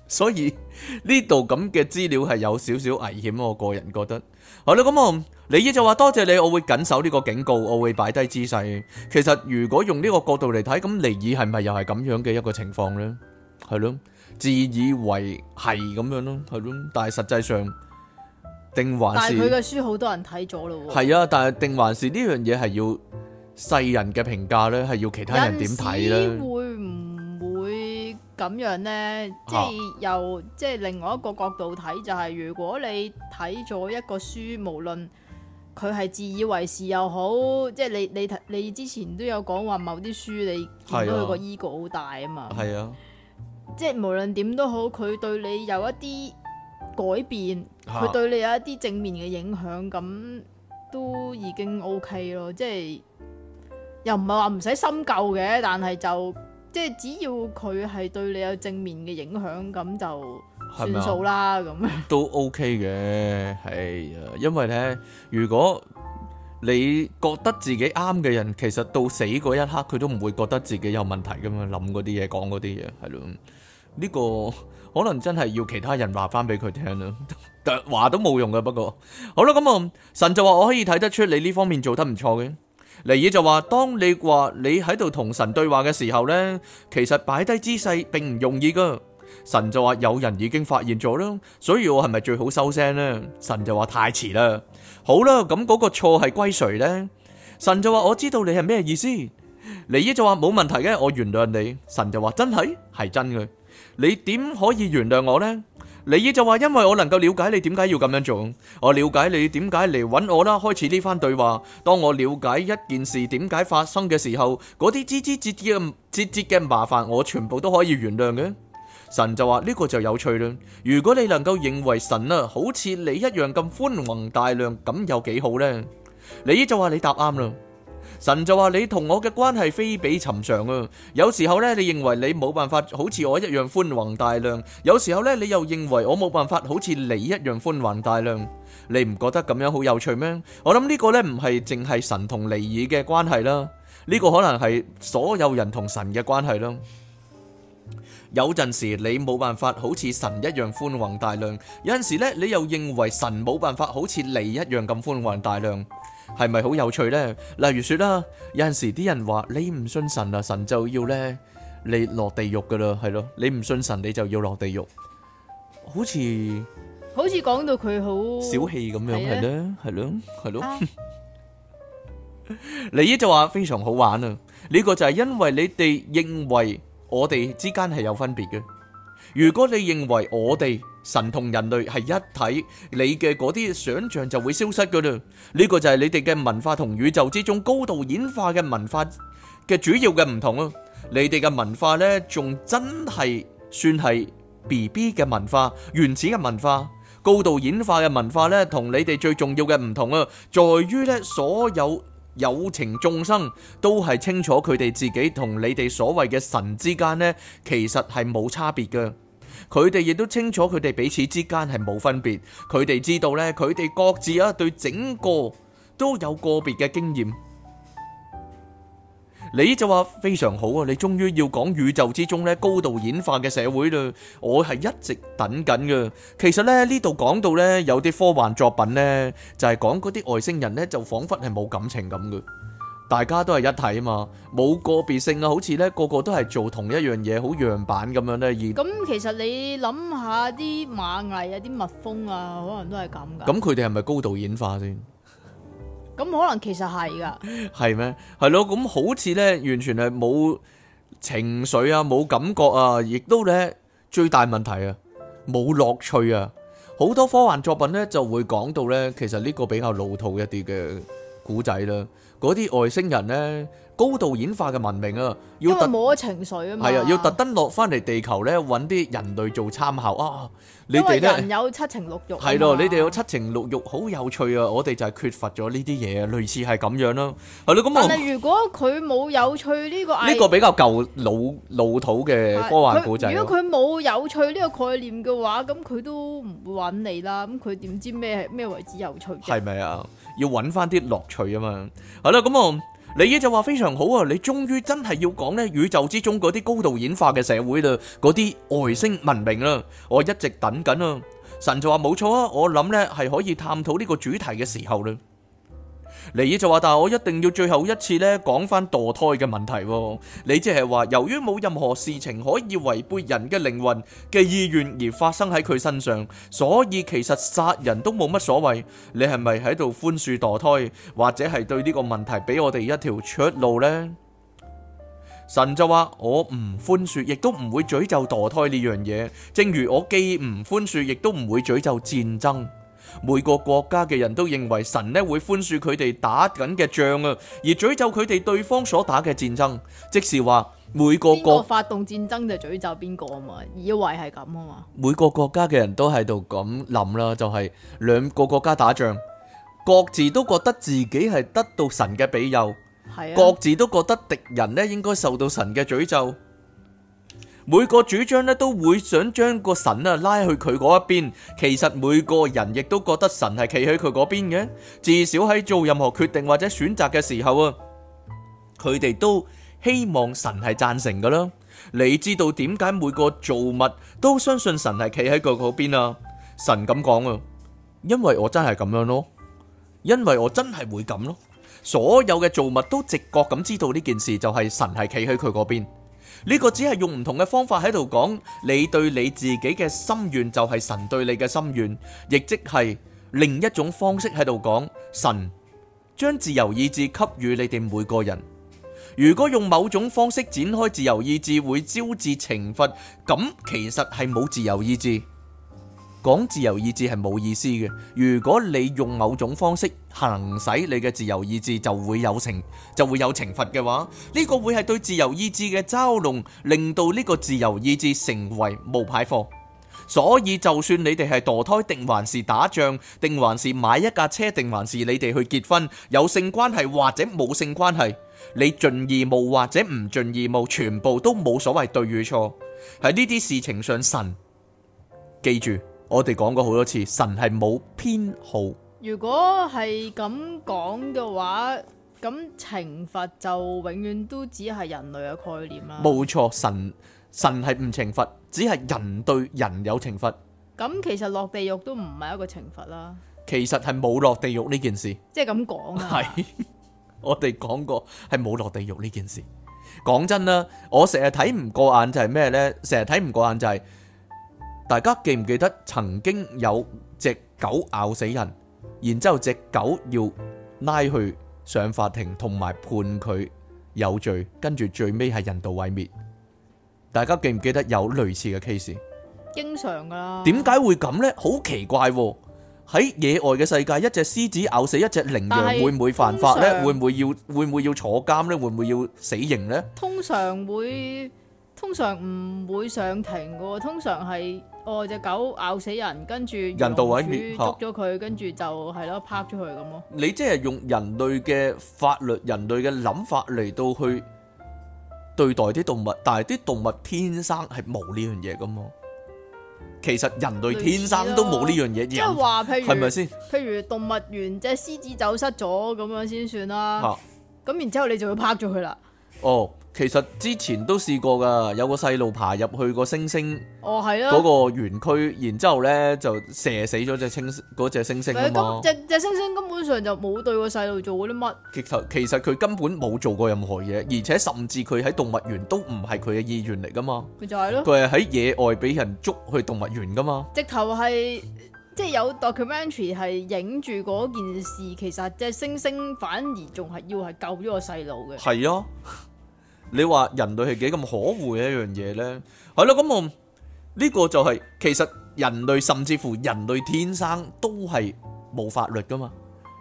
Speaker 2: 所以呢度咁嘅資料係有少少危險，我個人覺得。好啦，咁啊，尼爾就話多謝你，我會謹守呢個警告，我會擺低姿勢。其實如果用呢個角度嚟睇，咁尼爾係咪又係咁樣嘅一個情況咧？係咯，自以為係咁樣咯，係咯。但係實際上，定還是？但係佢嘅
Speaker 1: 書好多人睇咗咯。係
Speaker 2: 啊，但係定還是呢樣嘢係要世人嘅評價咧，係要其他人點睇咧？
Speaker 1: 會唔？咁樣呢，即係由，即係另外一個角度睇，就係、是、如果你睇咗一個書，無論佢係自以為是又好，即係你你你之前都有講話某啲書你見到佢、e、個影響好大啊嘛。係啊，即係無論點都好，佢對你有一啲改變，佢對你有一啲正面嘅影響，咁都已經 OK 咯。即係又唔係話唔使深究嘅，但係就。即係只要佢係對你有正面嘅影響，咁就算數啦。咁這樣
Speaker 2: 都 OK 嘅，係啊， 因為咧，如果你覺得自己啱嘅人，其實到死嗰一刻，佢都唔會覺得自己有問題噶嘛。諗嗰啲嘢，講嗰啲嘢，係咯，呢、這個可能真係要其他人話翻俾佢聽咯。但 話都冇用嘅。不過好啦，咁啊，神就話，我可以睇得出你呢方面做得唔錯嘅。尼爾就話：當你話你喺度同神對話嘅時候呢，其實擺低姿勢並唔容易噶。神就話：有人已經發現咗啦，所以我係咪最好收聲呢？神就話：太遲啦。好啦，咁嗰個錯係歸誰呢？神就話：我知道你係咩意思。尼爾就話：冇問題嘅，我原諒你。神就話：真係？係真嘅。你點可以原諒我呢？李爾就話：，因為我能夠了解你點解要咁樣做，我了解你點解嚟揾我啦。開始呢番對話，當我了解一件事點解發生嘅時候，嗰啲枝枝節節嘅、節節嘅麻煩，我全部都可以原諒嘅。神就話：呢個就有趣啦。如果你能夠認為神啊，好似你一樣咁寬宏大量，咁有幾好呢？李爾就話：你答啱啦。神就話：你同我嘅關係非比尋常啊！有時候咧，你認為你冇辦法好似我一樣寬宏大量；有時候咧，你又認為我冇辦法好似你一樣寬宏大量。你唔覺得咁樣好有趣咩？我諗呢個咧，唔係淨係神同尼爾嘅關係啦，呢個可能係所有人同神嘅關係啦。有陣時你冇辦法好似神一樣寬宏大量，有陣時咧你又認為神冇辦法好似你一樣咁寬宏大量。係咪好有趣呢？例如說啦，有陣時啲人話你唔信神啊，神就要咧你落地獄噶啦，係咯，你唔信神你就要落地獄，好似
Speaker 1: 好似講到佢好
Speaker 2: 小氣咁樣，係咧的，係咯，係咯。啊、 你姨就話非常好玩啊！呢、這個就係因為你哋認為我哋之間係有分別嘅，如果你認為我哋。神同人類係一體，你嘅嗰啲想象就會消失噶啦。呢個就係你哋嘅文化同宇宙之中高度演化嘅文化嘅主要嘅唔同咯。你哋嘅文化呢，仲真係算係 B B 嘅文化，原始嘅文化，高度演化嘅文化呢，同你哋最重要嘅唔同啊，在於呢，所有有情眾生都係清楚佢哋自己同你哋所謂嘅神之間呢，其實係冇差別噶。佢哋亦都清楚，佢哋彼此之間係冇分別。佢哋知道咧，佢哋各自啊對整個都有個別嘅經驗。你就話非常好啊！你終於要講宇宙之中咧高度演化嘅社會嘞，我係一直等緊㗎。其實咧呢度講到咧有啲科幻作品咧就係講嗰啲外星人咧就仿佛係冇感情咁嘅。大家都係一體啊嘛，冇個別性啊，好似咧個個都係做同一樣嘢，好樣板咁樣咧。而咁
Speaker 1: 其實你諗下啲螞蟻啊、啲蜜蜂啊，可能都係咁
Speaker 2: 噶。咁佢哋係咪高度演化先？
Speaker 1: 咁可能其實係噶。
Speaker 2: 係咩？ 係咯，咁好似咧，完全係冇情緒啊，冇感覺啊，亦都咧最大問題啊，冇樂趣啊。好多科幻作品咧就會講到咧，其實呢個比較老套一啲嘅古仔啦。嗰啲外星人咧～高度演化嘅文明啊，要特冇咗
Speaker 1: 情緒啊，係啊，要特
Speaker 2: 登落翻嚟地球咧，揾啲人類做參考啊。你呢因為人
Speaker 1: 有七情六慾，係咯，啊，你
Speaker 2: 哋有七情六慾，好有趣啊！我哋就係缺乏咗呢啲嘢，類似係咁樣咯。係咯，咁啊。啊但係如
Speaker 1: 果佢冇有，有趣呢個呢個比
Speaker 2: 較舊老老土嘅科幻古仔，啊。如果佢
Speaker 1: 冇有，有趣呢個概念嘅話，咁佢都唔會揾你啦。咁佢點知咩咩為之有趣？係
Speaker 2: 咪啊？要揾翻啲樂趣啊嘛。係啦，咁啊。李姨就話，非常好啊，你終於真係要講呢宇宙之中嗰啲高度演化嘅社會啦，嗰啲外星文明啦，我一直等緊啊。神就話冇錯啊，我諗呢係可以探討呢個主題嘅時候啦。尼爾就話，但係我一定要最後一次咧講翻墮胎嘅問題哦。你即係話，由於冇任何事情可以違背人嘅靈魂嘅意願而發生喺佢身上，所以其實殺人都冇乜所謂。你係咪喺度寬恕墮胎，或者係對呢個問題俾我哋一條出路呢？神就話：我唔寬恕，亦都唔會詛咒墮胎呢樣嘢。正如我既唔寬恕，亦都唔會詛咒戰爭。每個國家嘅人都認為神呢會寬恕佢哋打緊嘅仗啊，而詛咒佢哋對方所打嘅戰爭，即是話每個國
Speaker 1: 發動戰爭就詛咒邊個啊嘛，以為係咁啊嘛。
Speaker 2: 每個國家嘅人都喺度咁諗啦，就係、是、兩個國家打仗，各自都覺得自己係得到神嘅庇佑，啊、各自都覺得敵人呢應該受到神嘅詛咒。每個主張咧都會想將個神啊拉去佢嗰一邊，其實每個人亦都覺得神係企喺佢嗰邊嘅。至少喺做任何決定或者選擇嘅時候啊，佢哋都希望神係贊成噶啦。你知道點解每個造物都相信神係企喺佢嗰邊啊？神咁講啊，因為我真係咁樣咯，因為我真係會咁咯。所有嘅造物都直覺咁知道呢件事，就係神係企喺佢嗰邊。呢個只係用唔同嘅方法喺度講，你對你自己嘅心願就係神對你嘅心願，亦即係另一種方式喺度講，神將自由意志給予你哋每個人。如果用某種方式展開自由意志，會招致懲罰，咁其實係冇自由意志。講自由意志係冇意思嘅。如果你用某種方式行使你嘅自由意志就，就會有懲，就會有懲罰嘅話，呢、這個會係對自由意志嘅嘲弄，令到呢個自由意志成為冒牌貨。所以就算你哋係墮胎，定還是打仗，定還是買一架車，定還是你哋去結婚，有性關係或者冇性關係，你盡義務或者唔盡義務，全部都冇所謂對與錯。喺呢啲事情上，神記住。我哋講過好多次，神係冇偏好。
Speaker 1: 如果係咁講嘅話，咁懲罰就永遠都只係人類嘅概念啦。冇
Speaker 2: 錯，神神係唔懲罰，只係人對人有懲罰。
Speaker 1: 咁其實落地獄都唔係一個懲罰啦。
Speaker 2: 其實係冇落地獄呢件， 件事，
Speaker 1: 即係咁講係
Speaker 2: 我哋講過係冇落地獄呢件事。講真啦，我成日睇唔過眼就係咩呢？成日睇唔過眼就係、是。大家記唔記得曾經有隻狗咬死人，然之後隻狗要拉去上法庭，同埋判佢有罪，跟住最尾係人道毀滅。大家記唔記得有類似嘅 case？
Speaker 1: 經常噶啦。點
Speaker 2: 解會咁呢？好奇怪喎！喺野外嘅世界，一隻獅子咬死一隻羚羊，會唔會犯法呢？會唔會要會唔會要坐監呢？會唔會要死刑呢？
Speaker 1: 通常會，通常唔會上庭嘅，通常係。哦，隻狗咬死人，跟住人道毀滅，捉咗佢，跟住就係咯，拍咗佢咁咯。
Speaker 2: 你即係用人類嘅法律、人類嘅諗法嚟到去對待啲動物，但係啲動物天生係冇呢樣嘢噶嘛？其實人類天生都冇呢樣嘢。即係話，譬如係咪先？
Speaker 1: 譬如動物園隻獅子走失咗，咁樣先算啦。咁然之後你就要拍咗佢啦。
Speaker 2: 哦。其實之前都試過噶，有個細路爬入去個猩猩
Speaker 1: 哦，係啊，嗰個
Speaker 2: 園區，然之後咧就射死咗隻猩，嗰隻猩猩咯。只
Speaker 1: 隻、那個、猩猩根本上就冇對個細路做過啲乜。
Speaker 2: 其實其實佢根本冇做過任何嘢，而且甚至佢喺動物園都唔係佢嘅意願嚟噶嘛。佢就係咯，佢係喺野外俾人捉去動物園噶嘛。
Speaker 1: 直頭係即係有 documentary 係影住嗰件事，其實隻猩猩反而仲係要係救咗個細路嘅。
Speaker 2: 係啊。你話人類係幾咁可惡嘅一樣嘢咧？係咯，咁我呢個就係其實人類甚至乎人類天生都係冇法律噶嘛？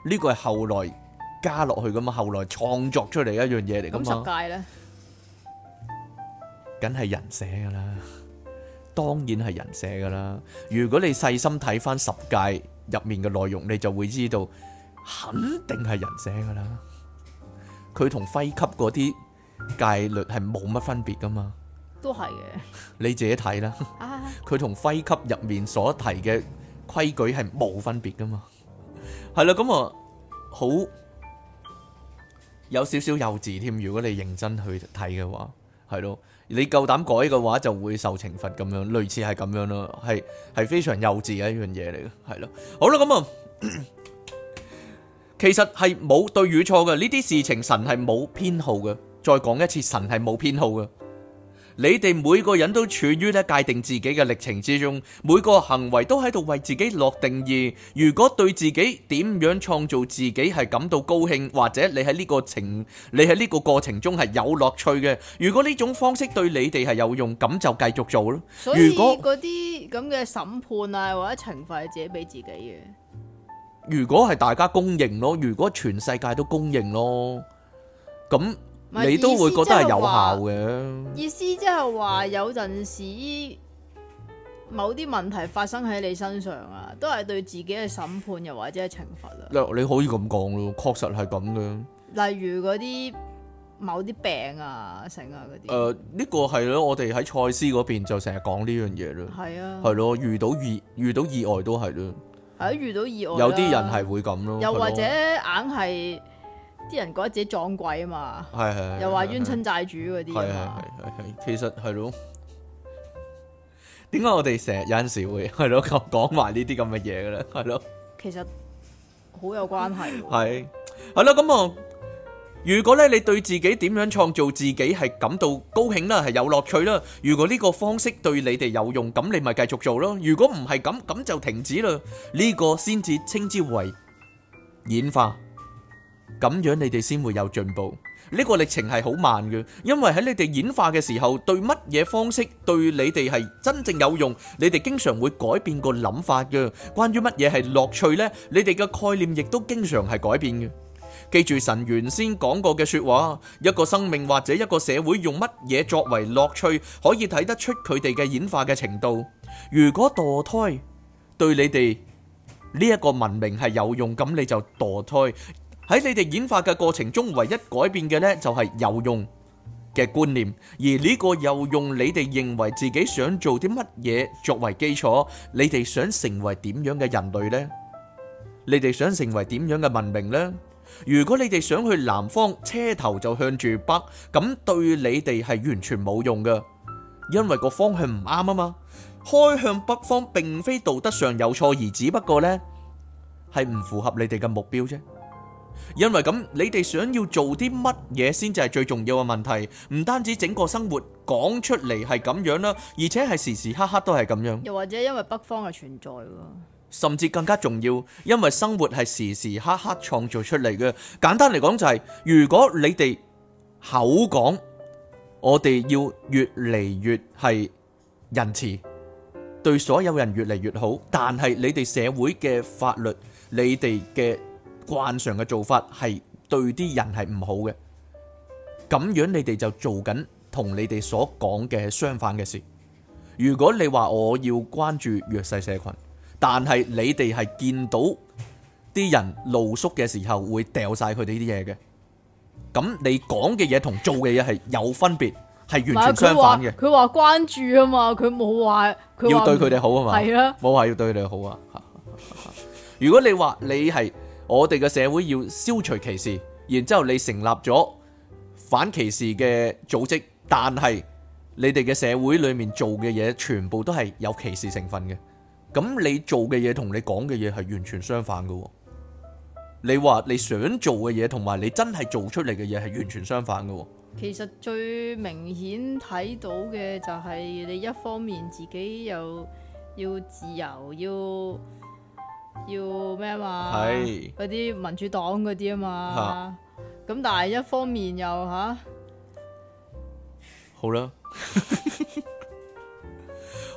Speaker 2: 呢個係後來加落去噶嘛？後來創作出嚟一樣嘢嚟噶嘛？咁十誡咧，梗係人寫噶啦，當然係人寫噶啦。如果你細心睇翻十誡入面嘅內容，你就會知道，肯定係人寫噶啦。佢同輝級嗰啲。戒律係冇乜分別噶嘛，都係嘅，你自己睇啦。佢同徽級入面所提嘅規矩係冇分別噶嘛，係啦。咁啊，好有少少幼稚添。如果你認真去睇嘅話，係咯，你夠膽改嘅話就會受懲罰咁樣，類似係咁樣咯，係係非常幼稚嘅一樣嘢嚟嘅，係咯。好啦，咁啊，其實係冇對與錯嘅呢啲事情，神係冇偏好嘅。再講一次，神係冇偏好嘅。你哋每個人都處於咧界定自己嘅歷程之中，每個行為都喺度為自己落定義。如果對自己點樣創造自己係感到高興，或者你喺呢個情，你喺呢個過程中係有樂趣嘅。如果呢種方式對你哋係有用，咁就繼續做咯。如果嗰
Speaker 1: 啲咁嘅審判啊或者懲罰係自己俾自己嘅，
Speaker 2: 如果係大家公認咯，如果全世界都公認咯，咁。你都會覺得係有效嘅。意
Speaker 1: 思即係話，有陣時某啲問題發生喺你身上啊，都係對自己嘅審判，又或者係懲罰
Speaker 2: 啊。你可以咁講咯，確實係咁嘅。
Speaker 1: 例如嗰啲某啲病啊、成啊嗰
Speaker 2: 啲。誒、呃，呢、呢個係咯，我哋喺賽斯嗰邊就成日講呢樣嘢咯。係啊。係咯、啊，遇到遇遇到意外都係咯。啊，
Speaker 1: 遇到意外。有啲人係
Speaker 2: 會咁咯。又或者
Speaker 1: 硬係。啲人覺得自己撞鬼啊嘛，
Speaker 2: 係係，又話冤親
Speaker 1: 債主嗰啲啊嘛，係係係，
Speaker 2: 其實係咯，點解我哋成日有陣時會係咯講講埋呢啲咁嘅嘢嘅咧？係咯，
Speaker 1: 其實好有關係，
Speaker 2: 係係咯。咁啊，如果咧你對自己點樣創造自己係感到高興啦，係有樂趣啦。如果呢個方式對你哋有用，咁你咪繼續做咯。如果唔係咁，咁就停止啦。呢個先至稱之為演化。咁樣你哋先會有進步。呢個歷程係好慢嘅，因為喺你哋演化嘅時候，對乜嘢方式對你哋係真正有用，你哋經常會改變個諗法嘅。關於乜嘢係樂趣呢？你哋嘅概念亦都經常係改變嘅。記住神原先講過嘅說話，一個生命或者一個社會用乜嘢作為樂趣，可以睇得出佢哋嘅演化嘅程度。如果墮胎對你哋呢一個文明係有用，咁你就墮胎。喺你哋演化嘅過程中，唯一改變嘅呢就係有用嘅觀念，而呢個有用，你哋認為自己想做啲乜嘢作為基礎，你哋想成為點樣嘅人類呢？你哋想成為點樣嘅文明呢？如果你哋想去南方，車頭就向住北，咁對你哋係完全冇用㗎，因為個方向唔啱啊嘛。開向北方並非道德上有錯，而只不過呢係唔符合你哋嘅目標啫。因為咁，你哋想要做啲乜嘢先至係最重要嘅問題，唔單止整個生活講出嚟係咁樣啦，而且係時時刻刻都係咁樣。
Speaker 1: 又或者因為北方嘅存在，
Speaker 2: 甚至更加重要，因為生活係時時刻刻創造出嚟嘅。簡單嚟講就係，如果你哋口講，我哋要越嚟越係仁慈，對所有人越嚟越好，但係你哋社會嘅法律，你哋嘅。慣常嘅做法係對啲人係唔好嘅，咁樣你哋就做緊同你哋所講嘅相反嘅事。如果你話我要關注弱勢社群，但係你哋係見到啲人露宿嘅時候會掉晒佢哋啲嘢嘅，咁你講嘅嘢同做嘅嘢係有分別，係完全相反嘅。佢
Speaker 1: 話、啊、關注啊嘛，佢冇話要對佢哋好啊嘛，係啊，
Speaker 2: 冇話要對佢哋好啊。 如果你話你係。我哋嘅社會要消除歧視，然之後你成立咗反歧視嘅組織，但係你哋嘅社會裏面做嘅嘢全部都係有歧視成分嘅。咁你做嘅嘢同你講嘅嘢係完全相反嘅。你話你想做嘅嘢同埋你真係做出嚟嘅嘢係完全相反嘅。
Speaker 1: 其實最明顯睇到嘅就係你一方面自己又要自由，要。要咩嘛？係，嗰啲民主黨嗰啲啊嘛，咁但係一方面又吓，
Speaker 2: 好啦，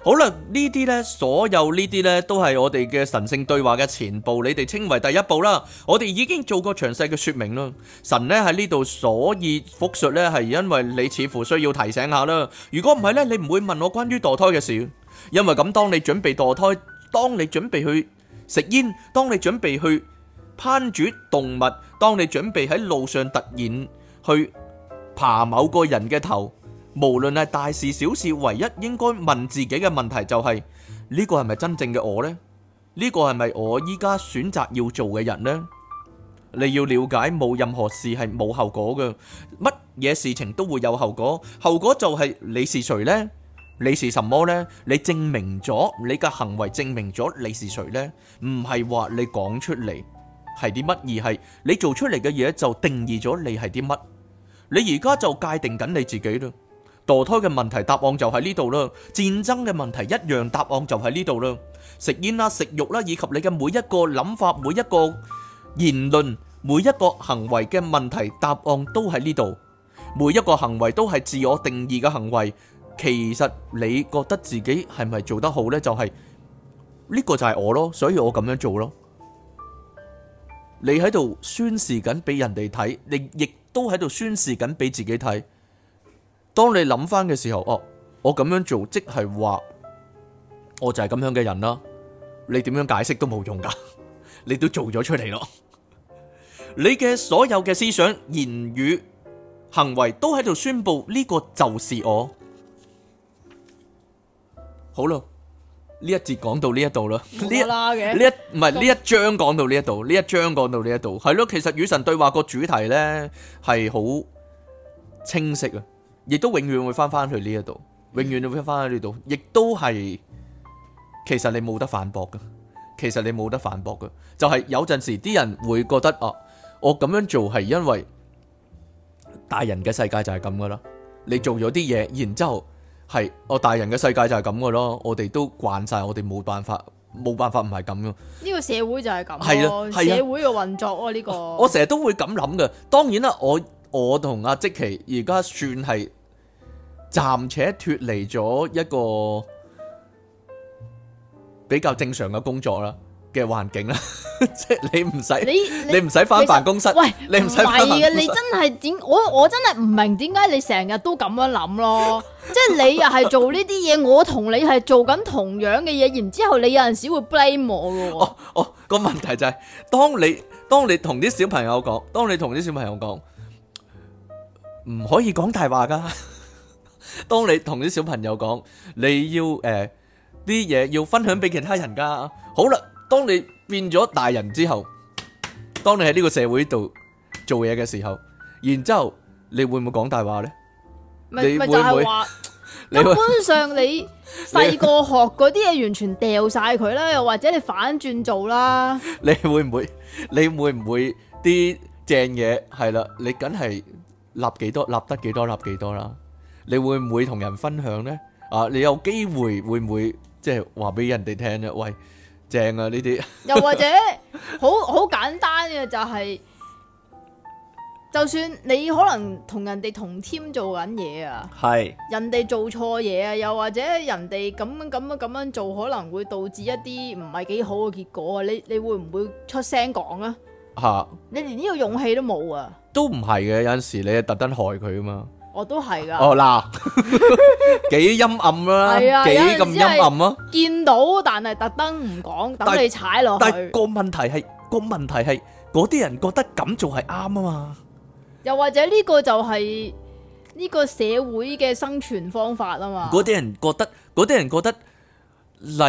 Speaker 2: 好啦，呢啲咧，所有呢啲咧，都係我哋嘅神聖對話嘅前部，你哋稱為第一部啦。我哋已經做過詳細嘅說明啦。神咧喺呢度所以複述咧，係因為你似乎需要提醒下啦。如果唔係咧，你唔會問我關於墮胎嘅事，因為咁當你準備墮胎，當你準備去。食煙，當你準備去烹煮動物，當你準備喺路上突然去爬某個人嘅頭，無論係大事小事，唯一應該問自己嘅問題就係呢個係咪真正嘅我呢？呢個係咪我依家選擇要做嘅人呢？你要了解冇任何事係冇後果嘅，乜嘢事情都會有後果，後果就係你是誰呢？你是什麼呢？你證明咗你嘅行為，證明咗你是誰呢？唔係話你講出嚟係啲乜，而係你做出嚟嘅嘢就定義咗你係啲乜。你而家就界定緊你自己啦。墮胎嘅問題答案就喺呢度啦。戰爭嘅問題一樣答案就喺呢度啦。食煙啦、食肉啦，以及你嘅每一個諗法、每一個言論、每一個行為嘅問題答案都喺呢度。每一個行為都係自我定義嘅行為。其實你覺得自己係咪做得好呢？就係呢個，就係我咯，所以我咁樣做咯。你喺度宣示緊俾人哋睇，你亦都喺度宣示緊俾自己睇。當你諗翻嘅時候，哦，我咁樣做，即係話我就係咁樣嘅人啦。你點樣解釋都冇用噶， 你都做咗出嚟咯。 你嘅所有嘅思想、言語、行為都喺度宣布，呢個就是我。好咯，呢一節講到呢一度啦，呢一呢一唔係呢一章講到呢一度，呢一章講到呢一度，係咯。其實與神對話個主題咧係好清晰啊，亦都永遠會翻翻去呢一度，永遠會翻翻去呢度，亦都係其實你冇得反駁噶，其實你冇得反駁噶，就係、是、有陣時啲人會覺得哦、啊，我咁樣做係因為大人嘅世界就係咁噶啦，你做咗啲嘢，然之後。係，我大人嘅世界就係咁嘅咯，我哋都慣晒，我哋冇辦法，冇辦法唔係咁嘅。
Speaker 1: 呢個社會就係咁咯，啊啊、社會嘅運作咯、啊、呢、呢個。我
Speaker 2: 成日都會咁諗嘅，當然啦，我我同阿即其而家算係暫且脫離咗一個比較正常嘅工作啦。嘅環境啦，即係你唔使你你唔使返辦公室，喂，你唔使返辦公室。唔係嘅，你真
Speaker 1: 係點？我我真係唔明點解你成日都咁樣諗咯。即係你又係做呢啲嘢，我同你係做緊同樣嘅嘢，然之後你有陣時會 blame 我嘅喎。哦
Speaker 2: 哦，個問題就係當你當你同啲小朋友講，當你同啲小朋友講唔可以講大話噶。當你同啲小朋友講，你要誒啲嘢要分享俾其他人噶。好啦。當你變咗大人之後，當你喺呢個社會度做嘢嘅時候，然之後你會唔會講大話咧？咪咪就係話，基本
Speaker 1: 上你細個學嗰啲嘢，完全掉晒佢啦。又或者你反轉做啦？
Speaker 2: 你會唔會？你會唔會啲正嘢係啦？你梗係立幾多立得幾多立幾多啦？你會唔會同人分享咧？啊，你有機會會唔會即係話俾人哋聽呀？喂？正啊！呢啲又或者
Speaker 1: 好好 簡單嘅就係、是，就算你可能人同是人哋同添做緊嘢啊，係人哋做錯嘢啊，又或者人哋咁樣咁樣咁樣做，可能會導致一啲唔係幾好嘅結果會會啊！你你會唔會出聲講啊？吓！你連呢個勇氣都冇啊？
Speaker 2: 都唔係嘅，有陣時你係特登害佢啊嘛。
Speaker 1: 我都係噶。哦嗱，
Speaker 2: 幾陰暗啦，係啊，幾咁陰暗咯。
Speaker 1: 見到，但係特登唔講，等你踩落去。但係
Speaker 2: 個問題係個問題係嗰啲人覺得咁做係啱啊嘛。
Speaker 1: 又或者呢個就係呢個社會嘅生存方法啊嘛。
Speaker 2: 嗰啲人覺得嗰啲人覺得，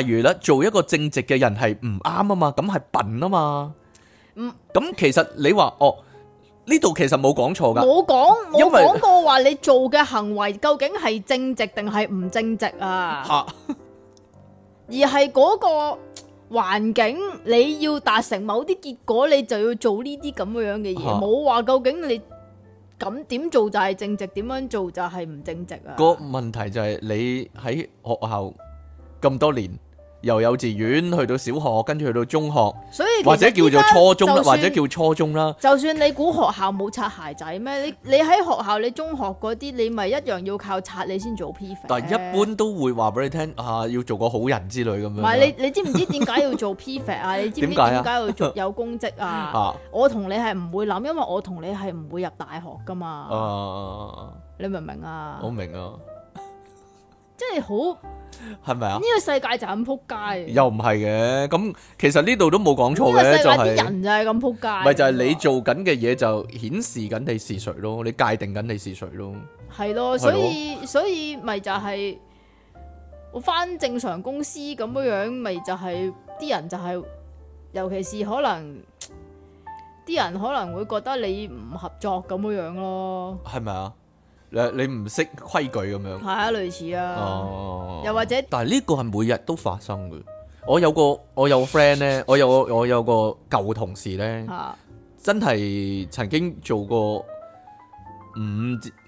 Speaker 2: 例如呢，做一個正直嘅人係唔啱啊嘛，咁係笨啊嘛。嗯，咁其實你話哦。呢度其實冇講錯噶，冇
Speaker 1: 講冇講過話你做嘅行為究竟係正直定係唔正直啊？吓，而係嗰個環境，你要達成某啲結果，你就要做呢啲咁樣嘅嘢，冇話究竟你咁點做就係正直，點樣做就係唔正直啊？個
Speaker 2: 問題就係你喺學校咁多年。由幼稚園去到小學，跟住去到中學，或者叫做初中啦，或者叫初中啦。
Speaker 1: 就算你估學校冇擦鞋仔咩？你你喺學校，你中學嗰啲，你咪一樣要靠擦你先做 P。但係一般
Speaker 2: 都會話俾你聽啊，要做個好人之類咁樣。唔係你
Speaker 1: 你知唔知點解要做 prefect 啊？你知唔知點解要做有功績啊？我同你係唔會諗，因為我同你係唔會入大學噶嘛。你明唔明啊？我明啊，即係好。係咪啊？呢個世界就咁撲街，又
Speaker 2: 唔係嘅。咁其實呢度都冇講錯。呢個世界啲人
Speaker 1: 就係咁撲街。咪就係你
Speaker 2: 做緊嘅嘢就顯示緊你是誰咯，你界定緊你是誰咯。
Speaker 1: 係咯，所以所以咪就係我翻正常公司咁樣樣，咪就係啲人就係，尤其是可能啲人可能會覺得你唔合作咁樣樣咯。
Speaker 2: 係咪啊？你你唔識規矩咁樣，係啊，
Speaker 1: 類似啊，哦，
Speaker 2: 又或者，但係呢個係每日都發生嘅。我有個我有 friend 咧，我有個，我有，我有個舊同事咧，啊、真係曾經做過五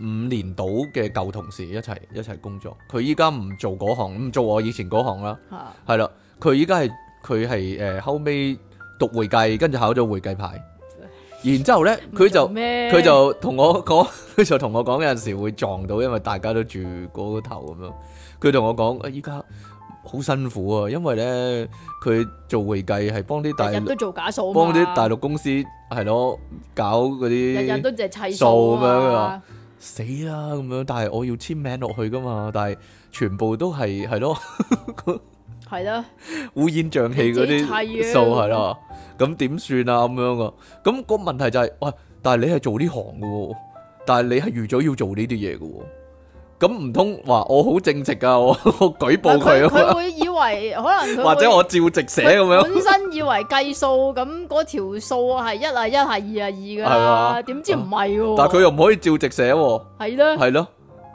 Speaker 2: 五年度嘅舊同事一齊一齊工作。佢依家唔做嗰行，唔做我以前嗰行啦，係啦、啊。佢依家係佢係誒後尾讀會計，跟住考咗會計牌。然之後咧，佢就佢就同我講，佢 就同我講有陣時會撞到，因為大家都住嗰個頭咁樣。佢同我講：依家好辛苦啊，因為咧佢做會計係幫啲大陸，日日都
Speaker 1: 做假數啊嘛。幫啲大陸
Speaker 2: 公司係咯，搞嗰啲日日都
Speaker 1: 即係砌數咁樣。后啊、
Speaker 2: 死啦咁樣，但係我要簽名落去噶嘛，但係全部都係係咯。
Speaker 1: 係啦，
Speaker 2: 烏煙瘴氣嗰啲數係啦，咁點算啊？咁樣個，咁個問題就係，喂，但係你係做呢行噶，但係你係預咗要做呢啲嘢噶，咁唔通話我好正直噶，我舉報佢啊？佢會
Speaker 1: 以為可能，或者我
Speaker 2: 照直寫咁樣，
Speaker 1: 本身以為計數咁嗰條數係一係一係二係二噶啦，點知唔係？但係佢又
Speaker 2: 唔可以照直寫喎，係咯，係咯。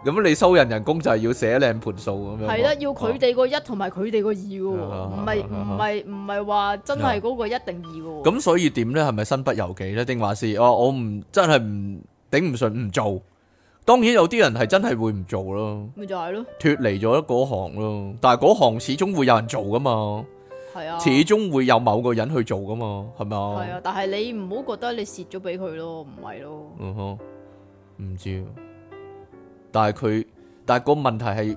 Speaker 2: 咁你收人人工就係要寫靚盤數咁樣係啦，要佢
Speaker 1: 哋個一同埋佢哋個二嘅，唔係唔係唔係話真係嗰個一定二嘅。
Speaker 2: 咁所以點咧？係咪身不由己咧？定話是哦？我唔真係唔頂唔順唔做。當然有啲人係真係會唔做咯，咪就係
Speaker 1: 咯，
Speaker 2: 脱離咗嗰行咯。但係嗰行始終會有人做噶嘛，係啊，始終會有某個人去做噶嘛，係咪啊？係
Speaker 1: 啊，但係你唔好覺得你蝕咗俾佢咯，唔係咯。
Speaker 2: 嗯哼，唔知。但係佢，但係個問題係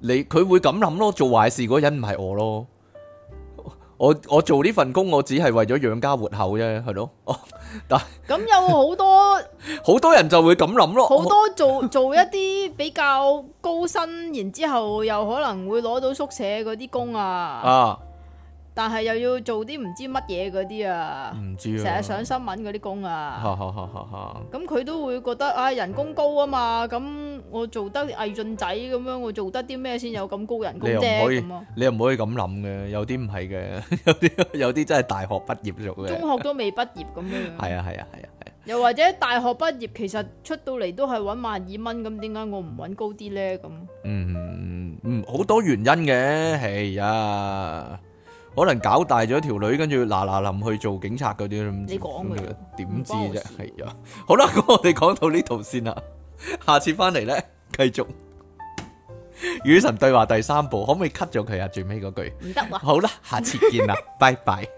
Speaker 2: 你，佢會咁諗咯。做壞事嗰人唔係我咯，我我做呢份工，我只係為咗養家活口啫，係咯。哦，
Speaker 1: 但係咁有好多
Speaker 2: 好多人就會咁諗咯，好多
Speaker 1: 做做一啲比較高薪，然之後又可能會攞到宿舍嗰啲工啊。但係又要做啲唔知乜嘢嗰啲啊，唔知成日、啊、上新聞嗰啲工啊，
Speaker 2: 咁
Speaker 1: 佢 都會覺得啊、哎、人工高啊嘛，咁我做得魏俊仔咁樣，我做得啲咩先有咁高人工啫？
Speaker 2: 你又唔可以，啊、你咁諗嘅，有啲唔係嘅，有啲有啲真係大學畢業做 中學都
Speaker 1: 未畢業咁樣。
Speaker 2: 係 啊係啊係啊，啊
Speaker 1: 又或者大學畢業，其實出到嚟都係揾萬二蚊，咁點解我唔揾高啲呢？咁
Speaker 2: 嗯好多原因嘅，係啊。可能搞大咗條女，跟住嗱嗱臨去做警察嗰啲咁，點知啫？係啊，好啦，咁我哋講到呢度先啦，下次翻嚟咧繼續與 神對話第三部，可唔可以 cut 咗佢啊？最尾嗰句唔得喎。好啦，下次見啦，拜拜。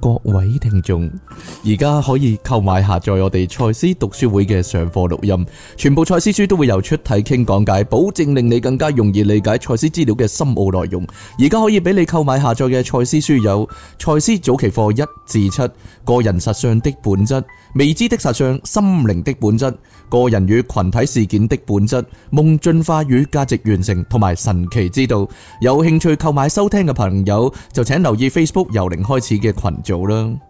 Speaker 2: 各位聽眾，而家可以購買下載我哋賽斯讀書會嘅上課錄音，全部賽斯書都會由出體傾講解，保證令你更加容易理解賽斯資料嘅深奧內容。而家可以俾你購買下載嘅賽斯書有《賽斯早期課一至七》、《個人實相的本質》、《未知的實相》、《心靈的本質》。個人與群體事件的本質、夢進化與價值完成同埋神奇之道，有興趣購買收聽嘅朋友就請留意 Facebook 由零開始嘅群組啦。